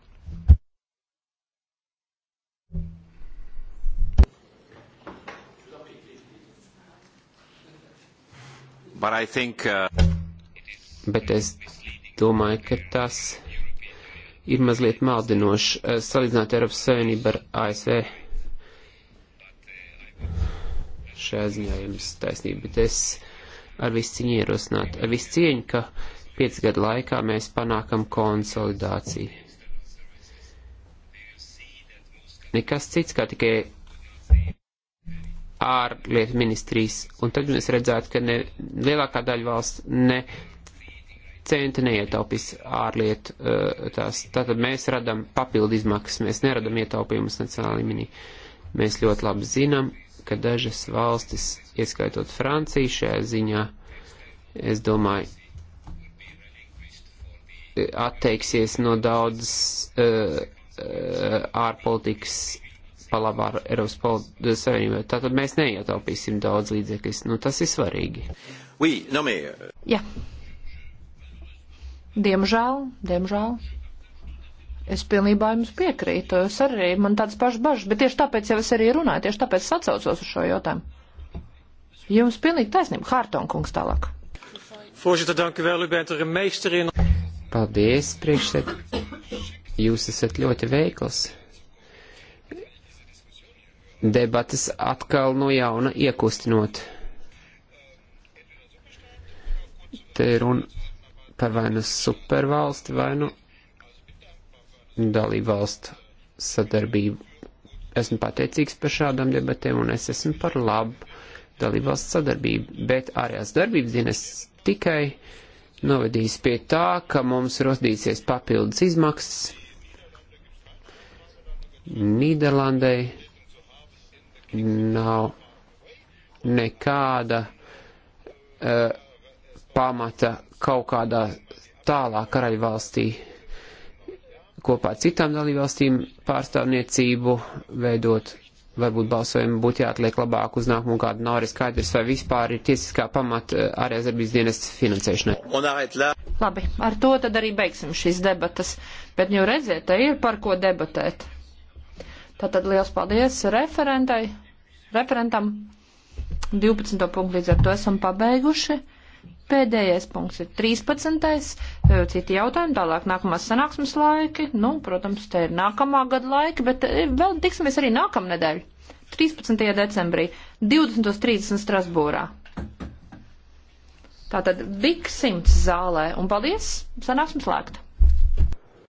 [SPEAKER 2] Think, uh... Bet es domāju, ka tas ir mazliet maldinoši uh, salīdzināt Eiropas Savienību ar ASV šajā ziņā jums taisnība, bet es ar visu cieņu ierosinātu, ar visu cieņu, ka piecu gadu laikā mēs panākam konsolidāciju. Nekas cits, kā tikai ārlietu ministrijas, un tad mēs redzētu, ka ne, lielākā daļa valsts ne centi neietaupīs ārlietu eh, tās. Tātad mēs radam papildu izmaksas, mēs neradam ietaupījumus nacionālā līmenī. Mēs ļoti labi zinām, ka dažas valstis, ieskaitot Franciju šajā ziņā, es domāju, atteiksies no daudzas uh, uh, ārpolitikas palabā ar Eiropas Savienībai. Tātad mēs neietaupīsim daudz līdzekļus. Nu, tas ir svarīgi. Oui, non, mais... Euh,
[SPEAKER 1] Jā. Diemžēl, diemžēl. Es pilnībā jums piekrītu. Es arī man tāds pašs bažas, bet tieši tāpēc jau es arī runāju, tieši tāpēc sacaucos uz šo jautājumu. Jums pilnīgi taisnība. Hārtonkungs tālāk.
[SPEAKER 2] Voorzitter, dank u wel. U bent er een meester in. Paldies, priekšsēd. Jūs esat ļoti veikls. Debates atkal no jauna iekustinot. Te runa par vai nu supervalsti, vai nu dalību valstu sadarbību. Esmu pateicīgs par šādām debatēm un es esmu par labu dalību valstu sadarbību, bet ārējās darbības dienas tikai novedīs pie tā, ka mums rodīsies papildus izmaksas Nīderlandei nav nekāda uh, pamata kaut kādā tālā karaļvalstī kopā ar citām dalībvalstīm pārstāvniecību veidot. Varbūt balsojumu būtu jāatliek labāk uz nākamo gadu. Nav arī skaidrs, vai vispār ir tiesiskā pamata eh, arī azarbīs dienestas finansēšanai.
[SPEAKER 1] Labi, ar to tad arī beigsim šīs debatas. Bet jau nu redziet, te ir par ko debatēt. Tātad liels paldies referentai, referentam. 12. punktu līdz ar to esam pabeiguši. Pēdējais punkts ir 13. Citi jautājumi, tālāk nākamās sanāksmes laiki. Nu, protams, te ir nākamā gada laika, bet vēl tiksimies arī nākamnedēļ. 13. decembrī, 20.30 Strasbūrā. Tātad Vik 100 zālē. Un paldies, sanāksmes lēkta.